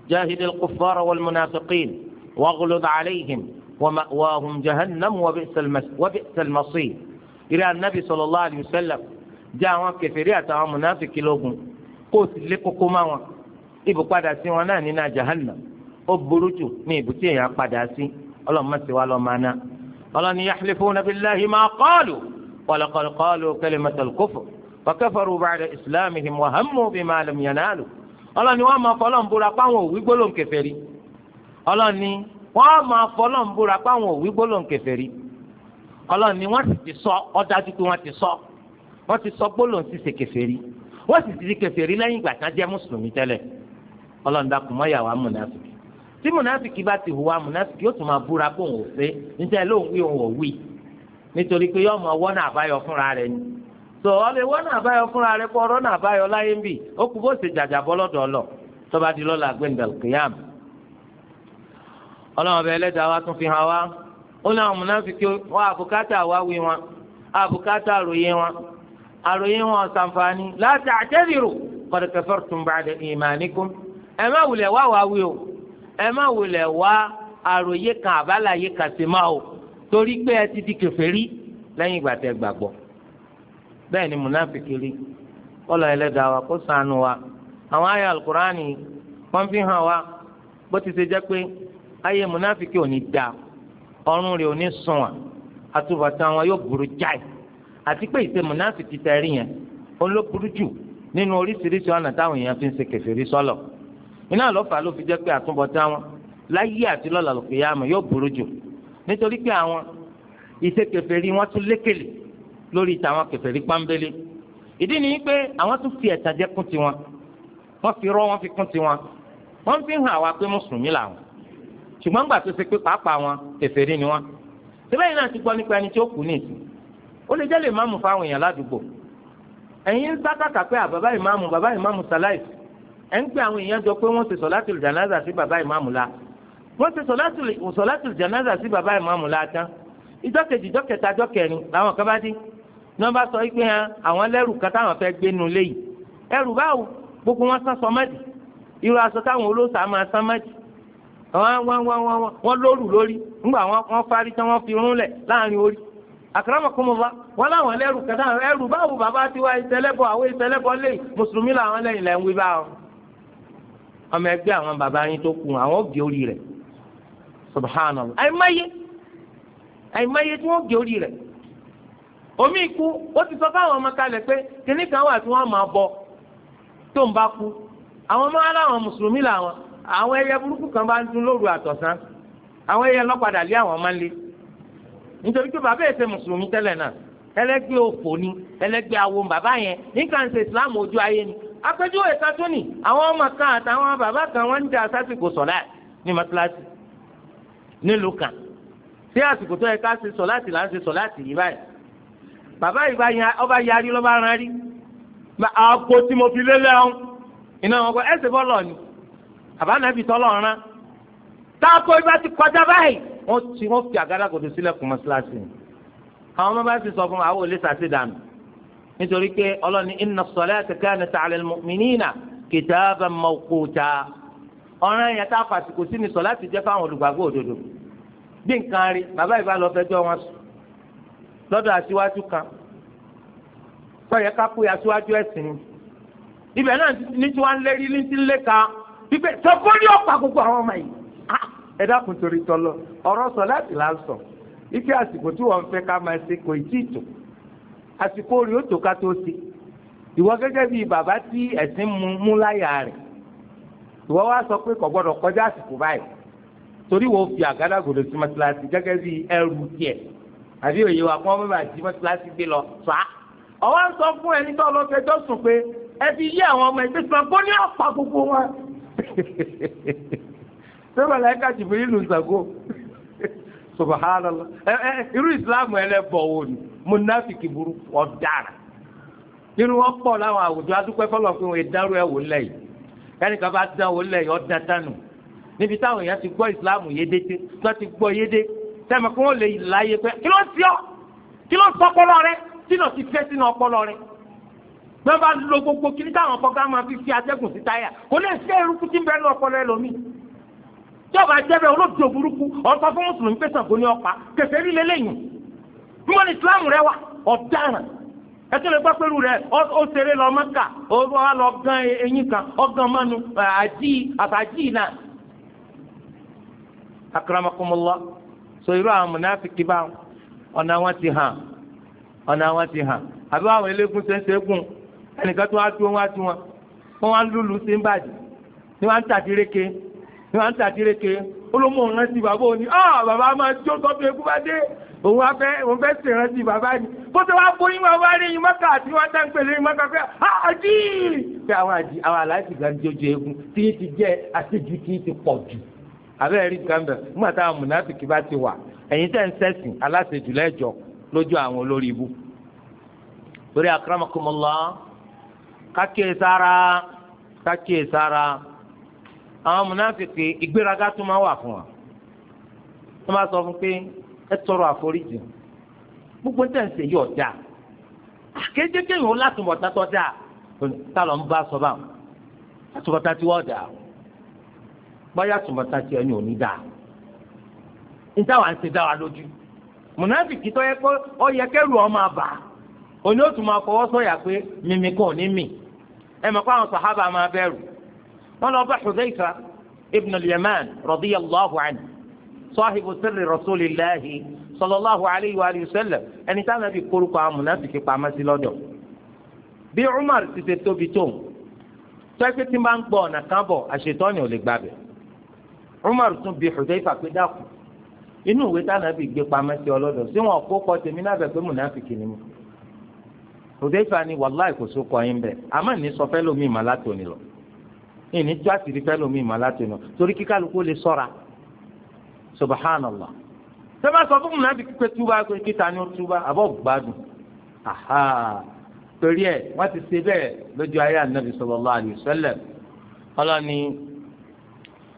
jahidil kufara wal munafiqin waghlud alayhim wa ma'wahum jahannam wa bi'sal masir ìrẹ́ anabi sallallahu alayhi wa sallam jẹ́ àwọn kèfèrí àtàwọn munafiki lógun kó o sì lé kókó má wọn ibùpadà sí wọn náà nínú jahannam ó burú jù ní ibùtí èèyàn padà sí ọlọ́mọ sì wá lọ́ọ́ máa ná ọlọ́ni yahlifuna billahi ma qalu walaqad qalu kalimatal kufr فكفروا بعد إسلامهم وهموا بما لم ينالوا ọlọ́ni wọ́n máa fọlọ́n búra páwọn òwí gbólóhùn kèfèrí ọlọ́ni wọ́n máa fọlọ́n búra páwọn òwí gbólóhùn kèfèrí ọlọ́ni wọ́n sì ti sọ ọ̀dájú pé wọ́n ti sọ wọ́n ti sọ gbólóhùn sì ṣe kèfèrí wọ́n sì ti di kèfèrí lẹ́yìn ìgbà kan jẹ́ mùsùlùmí tẹ́lẹ̀ ọlọ́ni dákun mọ́ yàwá múnáfìkì tí múnáfìkì bá ti hùwà múnáfìkì yóò tún máa tó ọ wọ́n náà báyọ̀ fúnra rẹ kó ọ̀rọ̀ náà báyọ̀ láyé ń bì ó kú bó ṣe jàjà bọ́ lọ́dọ̀ ọlọ tó bá di lọ́la gbẹ̀ndẹ̀ kìyàm. ọlọ́run ọbẹ̀ wa tún fi hàn wá ó ní àwọn múnáfíkì wọn àbùkátà wá wí wọn àbùkátà àròyé wọn àròyé wọn ṣàǹfààní láti àtẹ́rìrò qad kafartum o o torí lẹ́yìn ìgbà gbàgbọ́. bẹ́ẹ̀ ni munafiki rí kọ́lọ̀ ẹlẹ́dàá wa kó ṣàánú wa àwọn àyà alukurani wọ́n fi hàn wa bó ti ṣe jẹ́ pé ayé munafiki ò ní da ọrùn rẹ̀ ò ní sùn wa àtúbọ̀tán wọn yóò burú jáì àti pé ìṣe munafiki tẹ̀rí yẹn ó ló burú jù nínú oríṣiríṣi ọ̀nà táwọn èèyàn fi ń ṣe kèfèrí sọ́lọ̀ iná lọ́fà ló fi jẹ́ pé àtúbọ̀tán wọn láyé àti lọ́la lòkè yá àmọ́ yóò burú jù nítorí pé àwọn ìṣe kèfèrí wọn tún lékèlè lórí tàwọn kèfèrí pàmbélé ìdí ni pé àwọn tún fi ẹ̀tàn jẹ kún tiwọn wọ́n fi rọ́ wọ́n fi kún tiwọn wọ́n fi hàn wá pé mùsùlùmí làwọn ṣùgbọ́n gbà tó ṣe pé pàápàá wọn kèfèrí ni wọ́n sílẹ̀yìn náà ti gbọ́ nípa ẹni tí ó kù ní ìsìn ó lè jẹ́ lè máàmù fáwọn èèyàn ládùúgbò ẹ̀yin ń sákàkà pé àbàbá ìmáàmù bàbá ìmáàmù sàláìsì ẹ̀ ń pè àwọn èèyàn jọ pé wọ́n ti sọ̀látùl jánásà sí bàbá ìmáàmù la wọ́n ti sọ̀látùl jánásà sí bàbá ìmáàmù la tán ìjọ́ kejì ìjọ́ kẹta ìjọ́ kẹrin làwọn kan bá dín ní wọ́n bá sọ wípé hàn àwọn lẹ́rù kan táwọn fẹ́ gbé nu léyìí ẹrù báwo gbogbo wọn sán sọmọ́dì irú aṣọ táwọn olóòṣà máa sán mọ́dì wọ́n wọ́n wọ́n wọ́n wọ́n lóru lórí ńgbà wọ́n fárí tán wọ́n fi rúnlẹ̀ láàrin orí àkàràmọ̀kọ́mọ́ba wọ́n láwọn lẹ́rù kan táwọn ẹrù báwo bàbá tiwa ìṣẹ̀lẹ̀bọ̀ àwọn ìṣẹ̀lẹ̀bọ̀ lẹ́yìn mùsùlùmí làwọn lẹ́yìn lẹ́ ń wí báwọn ọmọ ẹgbẹ́ àwọn bàbá yín tó kù àwọn ògì orí rẹ̀ subhanallah àìmáyé àìmáyé tí wọ́n ògì orí rẹ̀ omi ikú ó ti sọ fáwọn ọmọ kalẹ̀ pé kinní kan wà tí wọ́n máa bọ tó ń bá kú àwọn ọmọ aláwọn mùsùlùmí làwọn àwọn ẹyẹ burúkú kan bá ń dún lóru àtọ̀sán àwọn ẹyẹ lọ́padà lé àwọn máa ń lé nítorí pé bàbá èsè mùsùlùmí tẹ́lẹ̀ náà ẹlẹ́gbẹ́ òfò ni ẹlẹ́gbẹ́ awo bàbá yẹn nígbà ń ṣe ìsìláàmù ojú ayé ni apẹjúwe sátúnì àwọn ọmọ kan àtàwọn bàbá kan wọ́n ń jà sásìkò sọ̀lá ní mọ́tíláṣí nílùú kan sí àsìkò tó yẹ ṣe sọ̀láàtì là ń ṣe sọ̀láàtì yìí báyìí bàbá yìí ọba yarí lọ́ba ran rí àpò tí mo fi lélẹ̀ ọ̀hún iná wọn kọ ẹsẹ̀ bọ́ọ̀lù ni bàbá náà fi tọ́lọ̀ ran táàpù ibà ti kọjá báyìí wọ́n ti wọ́n fi àgádágodo sílẹ̀ kùn mọ́síláṣí àwọn ọmọ bá ti sọ fún wa àwọn olè sàṣẹ̀dàmì nítorí pé ọlọ́ni inna salata kanat ala al-mu'minina kitaban mawquta ọ̀ràn yẹn tá a sí ni sọ láti jẹ́ fáwọn olùgbàgbọ́ òdodo bí rí bàbá ìbá lọ wọn sùn lọ́dọ̀ aṣíwájú kan sọ̀yẹ́ kápú aṣíwájú ẹ̀sìn ibẹ̀ náà ní tí wọ́n ń lérí ní ti ń lé ka ibẹ̀ sọ́kọ́lì ọ̀pá gbogbo àwọn ọmọ yìí ah, ẹ dákun torí tọlọ ọ̀rọ̀ sọ láti là ń sọ ike àsìkò tí wọ́n fẹ́ ká máa ṣe kò tí ì tò àsìkò rí ó tò ká tó ṣe ìwọ gẹ́gẹ́ bíi bàbá tí ẹ̀sìn mú láyà rẹ̀ ìwọ wá sọ pé kò gbọ́dọ̀ kọjá àsìkò báyìí torí wọ́n fi àgádágodo sí mọ́tíláṣí gẹ́gẹ́ bíi ẹrù tiẹ̀ àbí òye wa kí wọ́n bá bàtí mọ́tíláṣí gbé lọ fà á. ọwọ́ ń sọ fún ẹni tó lọ́fẹ́ tó sùn pé ẹ fi yé àwọn ọmọ ẹgbẹ́ sọ kó ní ọ̀pá gbogbo wọn. ṣé bàlá ẹ̀ka jìbìrì ìlú ìsàgó subhanallah ẹ ẹ irú ìsìláàmù ẹ lẹ bọ̀ wò ni munafiki burú ọ̀daràn nínú wọn pọ̀ láwọn àwùjọ adúpẹ́ fọlọ́ fún wọn ìdárò ẹ̀ wò lẹ́yìn ẹnìkan bá dán wò lẹ́yìn ọ̀dán dánù níbi táwọn èèyàn ti gbọ́ ìsìláàmù yédè tó ti gbọ́ yédè sẹ́mi kí wọ́n lè láyé pé kí ló ń sọ kí ló ń sọ ọpọlọ rẹ tí lọ sí fẹ́ sínú ọpọlọ rẹ bẹ́ẹ̀ bá lo gbogbo kí ní táwọn ọkọ̀ ká máa fi fi atẹ́gùn sí táyà kò lè ṣe eruku tí ń bẹ́ẹ̀ ní ọpọlọ ẹ lómi tí ọba jẹ́ bẹ́ẹ̀ olóòtú òburúkú ọ̀sán fún mùsùlùmí pẹ̀sẹ̀ kò ní ọ̀pá kẹsẹ̀ rí lélẹ́yìn bí wọ́n ní islam rẹ wà ọ̀daràn ẹtí lè gbọ́ pẹ̀lú rẹ̀ ó ṣeré lọ mọ́kà ó wá lọ gan eyín kan ọgàn mọ́nu àjí àbájí náà. akramakumullah so irú àwọn mùnáfíkì bá ọ̀nà wọn ti hàn ọ̀nà wọn ti hàn àbí àwọn eléégún ṣẹṣẹ gùn ẹnìkan tó wá tó wá tó wọn wọn wá lùlù sí ìbàdí ni wọn ń tàdíréke ni wọn ń tàdíréke olómọ ìrántí bàbá òní ah bàbá máa jó sọfún ekú bá dé òun wá fẹ́ òun fẹ́ sì rántí bàbá ni bó ṣe wá bóyí wọn wá rí ìmọ̀ká àti wọn dá ń pèlè ìmọ̀ká pé àjí pé àwọn àjí àwọn aláìsí gan jójú eégún tí ti jẹ àṣejù tí ti pọ̀ jù abẹ́rẹ́ rí nǹkan bẹ̀ nígbà táwọn mùnàfíkì bá ti wà ẹ̀yin tẹ̀ ń sẹ́sìn aláṣejù lẹ́jọ́ lójú àwọn olórí ibú. torí akramakumullah kákíyè sára kákíyè sára àwọn mùnàfíkì ìgbéraga tún máa wà fún wa. wọ́n máa sọ fún pé ẹ tọrọ àforíjì gbogbo tẹ̀ ń ṣe yí ọ̀dà kéjékéyìn ó látùmọ̀ tátọ́ dà tá ń bá sọ báwọn látùmọ̀ tá ti wọ́ ọ̀dà báyà tùmọ̀tà tiẹ̀ ni ò ní dáa nítawọn àti dá wa lójú mùnàfìkì tó yẹ pé ó yẹ kẹrù ọmọ àbà òní ó tún máa fọwọ́ sọ̀yà pé mímí kan ò ní mì ẹ mọ̀ pé àwọn sàhábà máa bẹ̀rù wọn lọ bá Hudhayfa ibn al-Yaman radiyallahu anhu sahibu sirri rasulillahi sallallahu alayhi wa sallam ẹni táwọn ẹbí korúkọ àwọn mùnàfìkì pamọ́ sí lọ́dọ̀ bí Umar ti ṣe tóbi tó ń tọ́ ń gbọ́ ọ̀nà kan àṣetọ́ni ò lè gbàbẹ̀ Umar tún bi Hudayfa pé dákun inú ìwé táwọn fi gbé pamẹ́ sí ọlọ́dọ̀ sí wọn kó kọ́ tèmi náà bẹ̀ pé mùnàfíkì ni mi Hudayfa ni wàláì kò sókọ yín bẹ́ẹ̀ àmọ́ ní sọ fẹ́ lómi ìmọ̀ látòní lọ ìní tó àti rí fẹ́ lómi ìmọ̀ látòní lọ torí kíkálukú lè sọ́ra subhanallah tẹ́lá sọ fún mùnàfíkì pé túbà pé kíta ni ó túbà àbọ̀ gbádùn aha torí ẹ̀ wọ́n ti ṣe bẹ́ẹ̀ lójú ayé ànábì sallallahu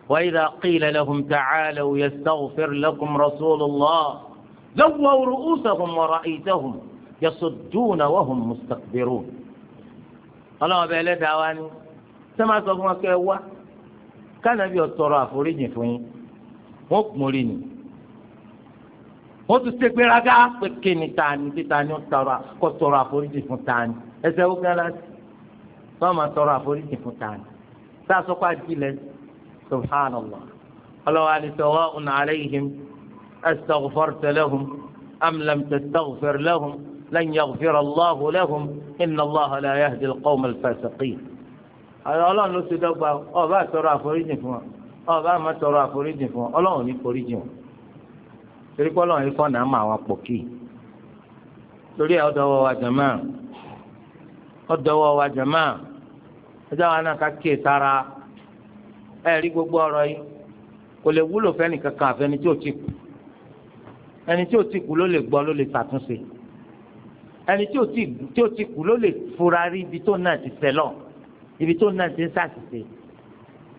وإذا قيل لهم تعالوا يستغفر لكم رسول الله لووا رؤوسهم ورأيتهم يصدون وهم مستكبرون الله بلا دعواني سما سوفما كوا كان بي أترى فريج فين مكملين wọ́n tún ṣe gbéraga pé kíni tani bí tani ó tọrọ kó tọrọ àforíjì fún tani ẹsẹ̀ ó gbára sí wọ́n máa subhanallah ọlọ́wọ́ àdìsọ́wọ́ ọ̀nà àlẹ́yìn astaghfarta lahum am lam tastaghfir lahum lan yaghfira allahu lahum inna allaha la yahdi alqawm alfasiqin. ọlọ́run ló ti dọ́gba ọba àtọrọ àforíjì fún wọn ọba àmọ́ tọrọ àforíjì fún wọn ọlọ́run ní foríjì wọn. torí pé ọlọ́run ifọ̀ náà mọ àwọn pọ̀ kì í. torí ẹ̀ ọ̀dọ́wọ́ wa jàmáà ọ̀dọ́wọ́ wa jàmáà ẹjọ́ wa náà ká kíyè sára ẹ rí gbogbo ọ̀rọ̀ yìí kò lè wúlò fẹ́ni kankan àfẹ́ni tí ò ti kú ẹni tí ò ti kú ló lè gbọ́ ló lè ṣàtúnṣe ẹni tí ò ti kú ló lè fura rí ibi tó náà ti ṣẹlọ ibi tó náà ti ń ṣàṣìṣe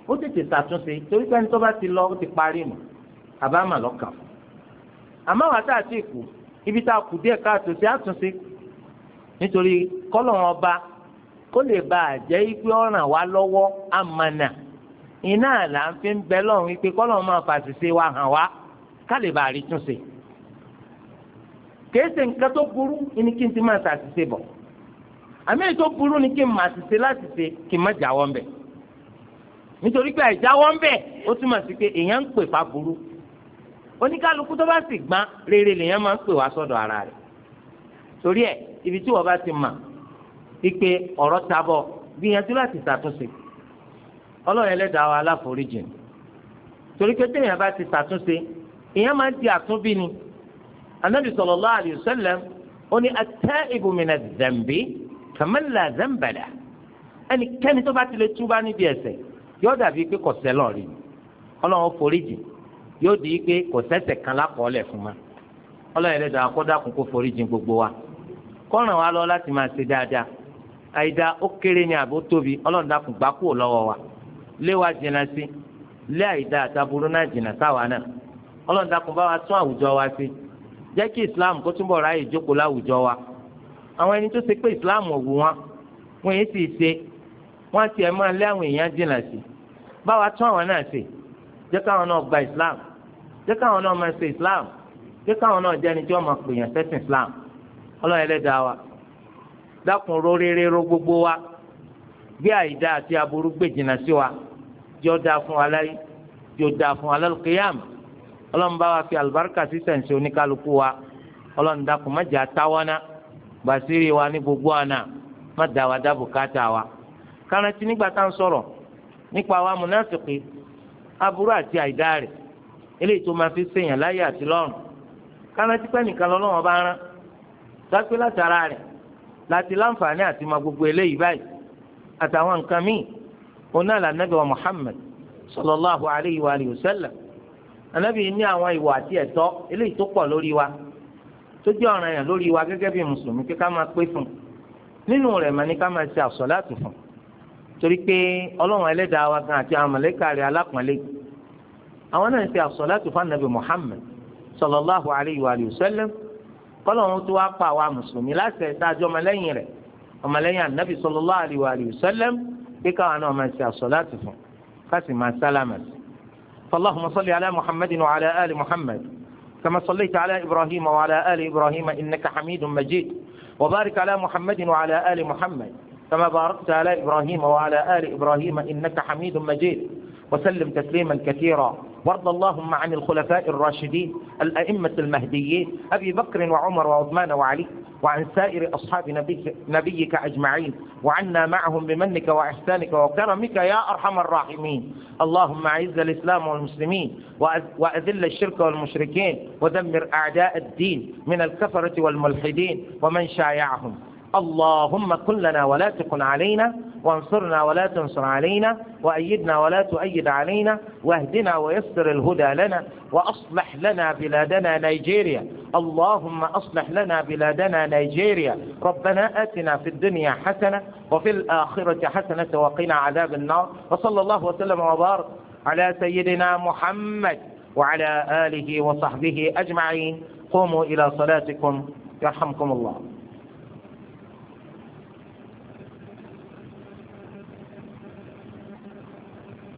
ó tètè ṣàtúnṣe torí pé ẹni tó bá ti lọ ó ti parí nù àbámà lọ́kàn àmọ́ wàá tá a ti kú ibi tá a kù díẹ̀ káàtó sí àtúnṣe nítorí kọ́lọ̀ wọn ba kó lè ba àjẹ́ ipe ọ̀ràn wa lọ́wọ́ àmànà iná là ń fi ń bẹ lọ́run wípé kọ́lọ́run máa fàṣìṣe wa hàn wá ká lè bá a rí túnṣe kìí ṣe nǹkan tó burú ni kí n ti máa ṣàṣìṣe bọ̀ àmì èyí tó burú ni kí n máa ṣiṣe láti ṣe kí n má jáwọ́ ń bẹ̀ nítorí pé àìjáwọ́ ń bẹ̀ ó túmọ̀ sí pé èèyàn ń pè fa burú oníkálukú tó bá sì gbọ́n rere lèèyàn máa ń pè wá sọ́dọ̀ ara rẹ̀ torí ẹ̀ ibi tí wọ́n bá ti mà pípé ọ̀rọ̀ tabọ̀ gbìyànjú láti ṣàtúnṣe ọlọ́run ẹlẹ́dàá wa aláforíjì ni torí pé téèyàn bá ti ṣàtúnṣe èèyàn máa ń di àtúnbí ni anabi sallallahu alayhi wa ó ní at-ta'ibu mina dhanbi kaman la dhanba lahu ẹnikẹ́ni tó bá ti lè túbá níbi ẹ̀ṣẹ̀ yóò dàbí pé kò sẹ́ lọ́ọ̀rì ọlọ́run foríjì yóò di pé kò sẹ́ṣẹ̀ kan lákọọ́lẹ̀ fún ma ọlọ́run ẹlẹ́dàá kó dákun kó foríjì gbogbo wa kó ràn wá lọ láti máa ṣe dáadáa àìdá ó kéré ní àbó ọlọ́run dákun gbà kúrò lọ́wọ́ wa lé wa jìnnà sí lé àìdá àtàbúrú náà jìnnà sáwa náà ọlọ́run dákun bá wa tún àwùjọ wa sí jẹ́ kí islam kó túbọ̀ ráyè jókòó láwùjọ wa àwọn ẹni tó ṣe pé islam ò wù wọn wọn èyí sì ṣe wọn ti ẹ̀ máa lé àwọn èèyàn jìnnà sí bá wa tún àwọn náà sí jẹ́ káwọn náà gba islam jẹ́ káwọn náà máa ṣe islam jẹ́ káwọn náà jẹ́ ẹni tí wọ́n máa pè yàn sẹ́sìn islam ọlọ́run ẹlẹ́dàá wa dákun rere ró gbogbo wa gbé àìdá àti aburú gbé jìnnà sí wa jẹ́ ọ́ dáa fún wa láyé jẹ́ ọ́ dáa fún wa lálùkìyàmù ọlọ́run bá wa fi àlùbáríkà sí sẹ̀ǹsì oníkálukú wa ọlọ́run dákun má jà táwọnà gbàsírí wa ní gbogbo àná má dá wa dá bùkátà wa káràntì nígbà tá à ń sọ̀rọ̀ nípa wa múnáfìkì aburú àti àìdá rẹ̀ eléyìí tó máa fi ṣèyàn láyé àti lọ́run káràntì pẹ́ nìkan bá rán dápé látara rẹ̀ láti láǹfààní àti ma gbogbo eléyìí báyìí àtàwọn nǹkan míì òun náà là nàbẹ wa Muhammad sallallahu alayhi wa alihi wa sallam anabi ní àwọn ìwà àti ẹ̀tọ́ eléyìí tó pọ̀ lórí wa tó jẹ́ ọ̀ràn yẹn lórí wa gẹ́gẹ́ bí mùsùlùmí kí ká máa pé fún un nínú rẹ̀ mà ní ká máa ṣe àsọ̀láàtù fún un torí pé ọlọ́run ẹlẹ́dàá wa gan àti àwọn mọ̀lẹ́kà rẹ̀ alápọ̀nlé àwọn náà ń ṣe àsọ̀láàtù fún anabi Muhammad sallallahu alayhi wa alihi wa sallam kọ́lọ́run tó wá pa àwa mùsùlùmí láṣẹ ìdájọ́ ọmọlẹ́yìn rẹ̀ ọmọlẹ́yìn anabi sallallahu alayhi wa alihi wa sallam pé káwọn náà máa ṣe àsọ̀láàtì fún ká máa sálámà sí. فاللهم صل على محمد وعلى آل محمد كما صليت على إبراهيم وعلى آل إبراهيم إنك حميد مجيد وبارك على محمد وعلى آل محمد كما باركت على إبراهيم وعلى آل إبراهيم إنك حميد مجيد وسلم تسليما كثيرا وارض اللهم عن الخلفاء الراشدين الأئمة المهديين أبي بكر وعمر وعثمان وعلي وعن سائر أصحاب نبيك, نبيك أجمعين وعنا معهم بمنك وإحسانك وكرمك يا أرحم الراحمين اللهم أعز الإسلام والمسلمين وأذل الشرك والمشركين ودمر أعداء الدين من الكفرة والملحدين ومن شايعهم اللهم كن لنا ولا تكن علينا وانصرنا ولا تنصر علينا وأيدنا ولا تؤيد علينا واهدنا ويسر الهدى لنا وأصلح لنا بلادنا نيجيريا اللهم أصلح لنا بلادنا نيجيريا ربنا آتنا في الدنيا حسنة وفي الآخرة حسنة وقنا عذاب النار وصلى الله وسلم وبارك على سيدنا محمد وعلى آله وصحبه أجمعين قوموا إلى صلاتكم يرحمكم الله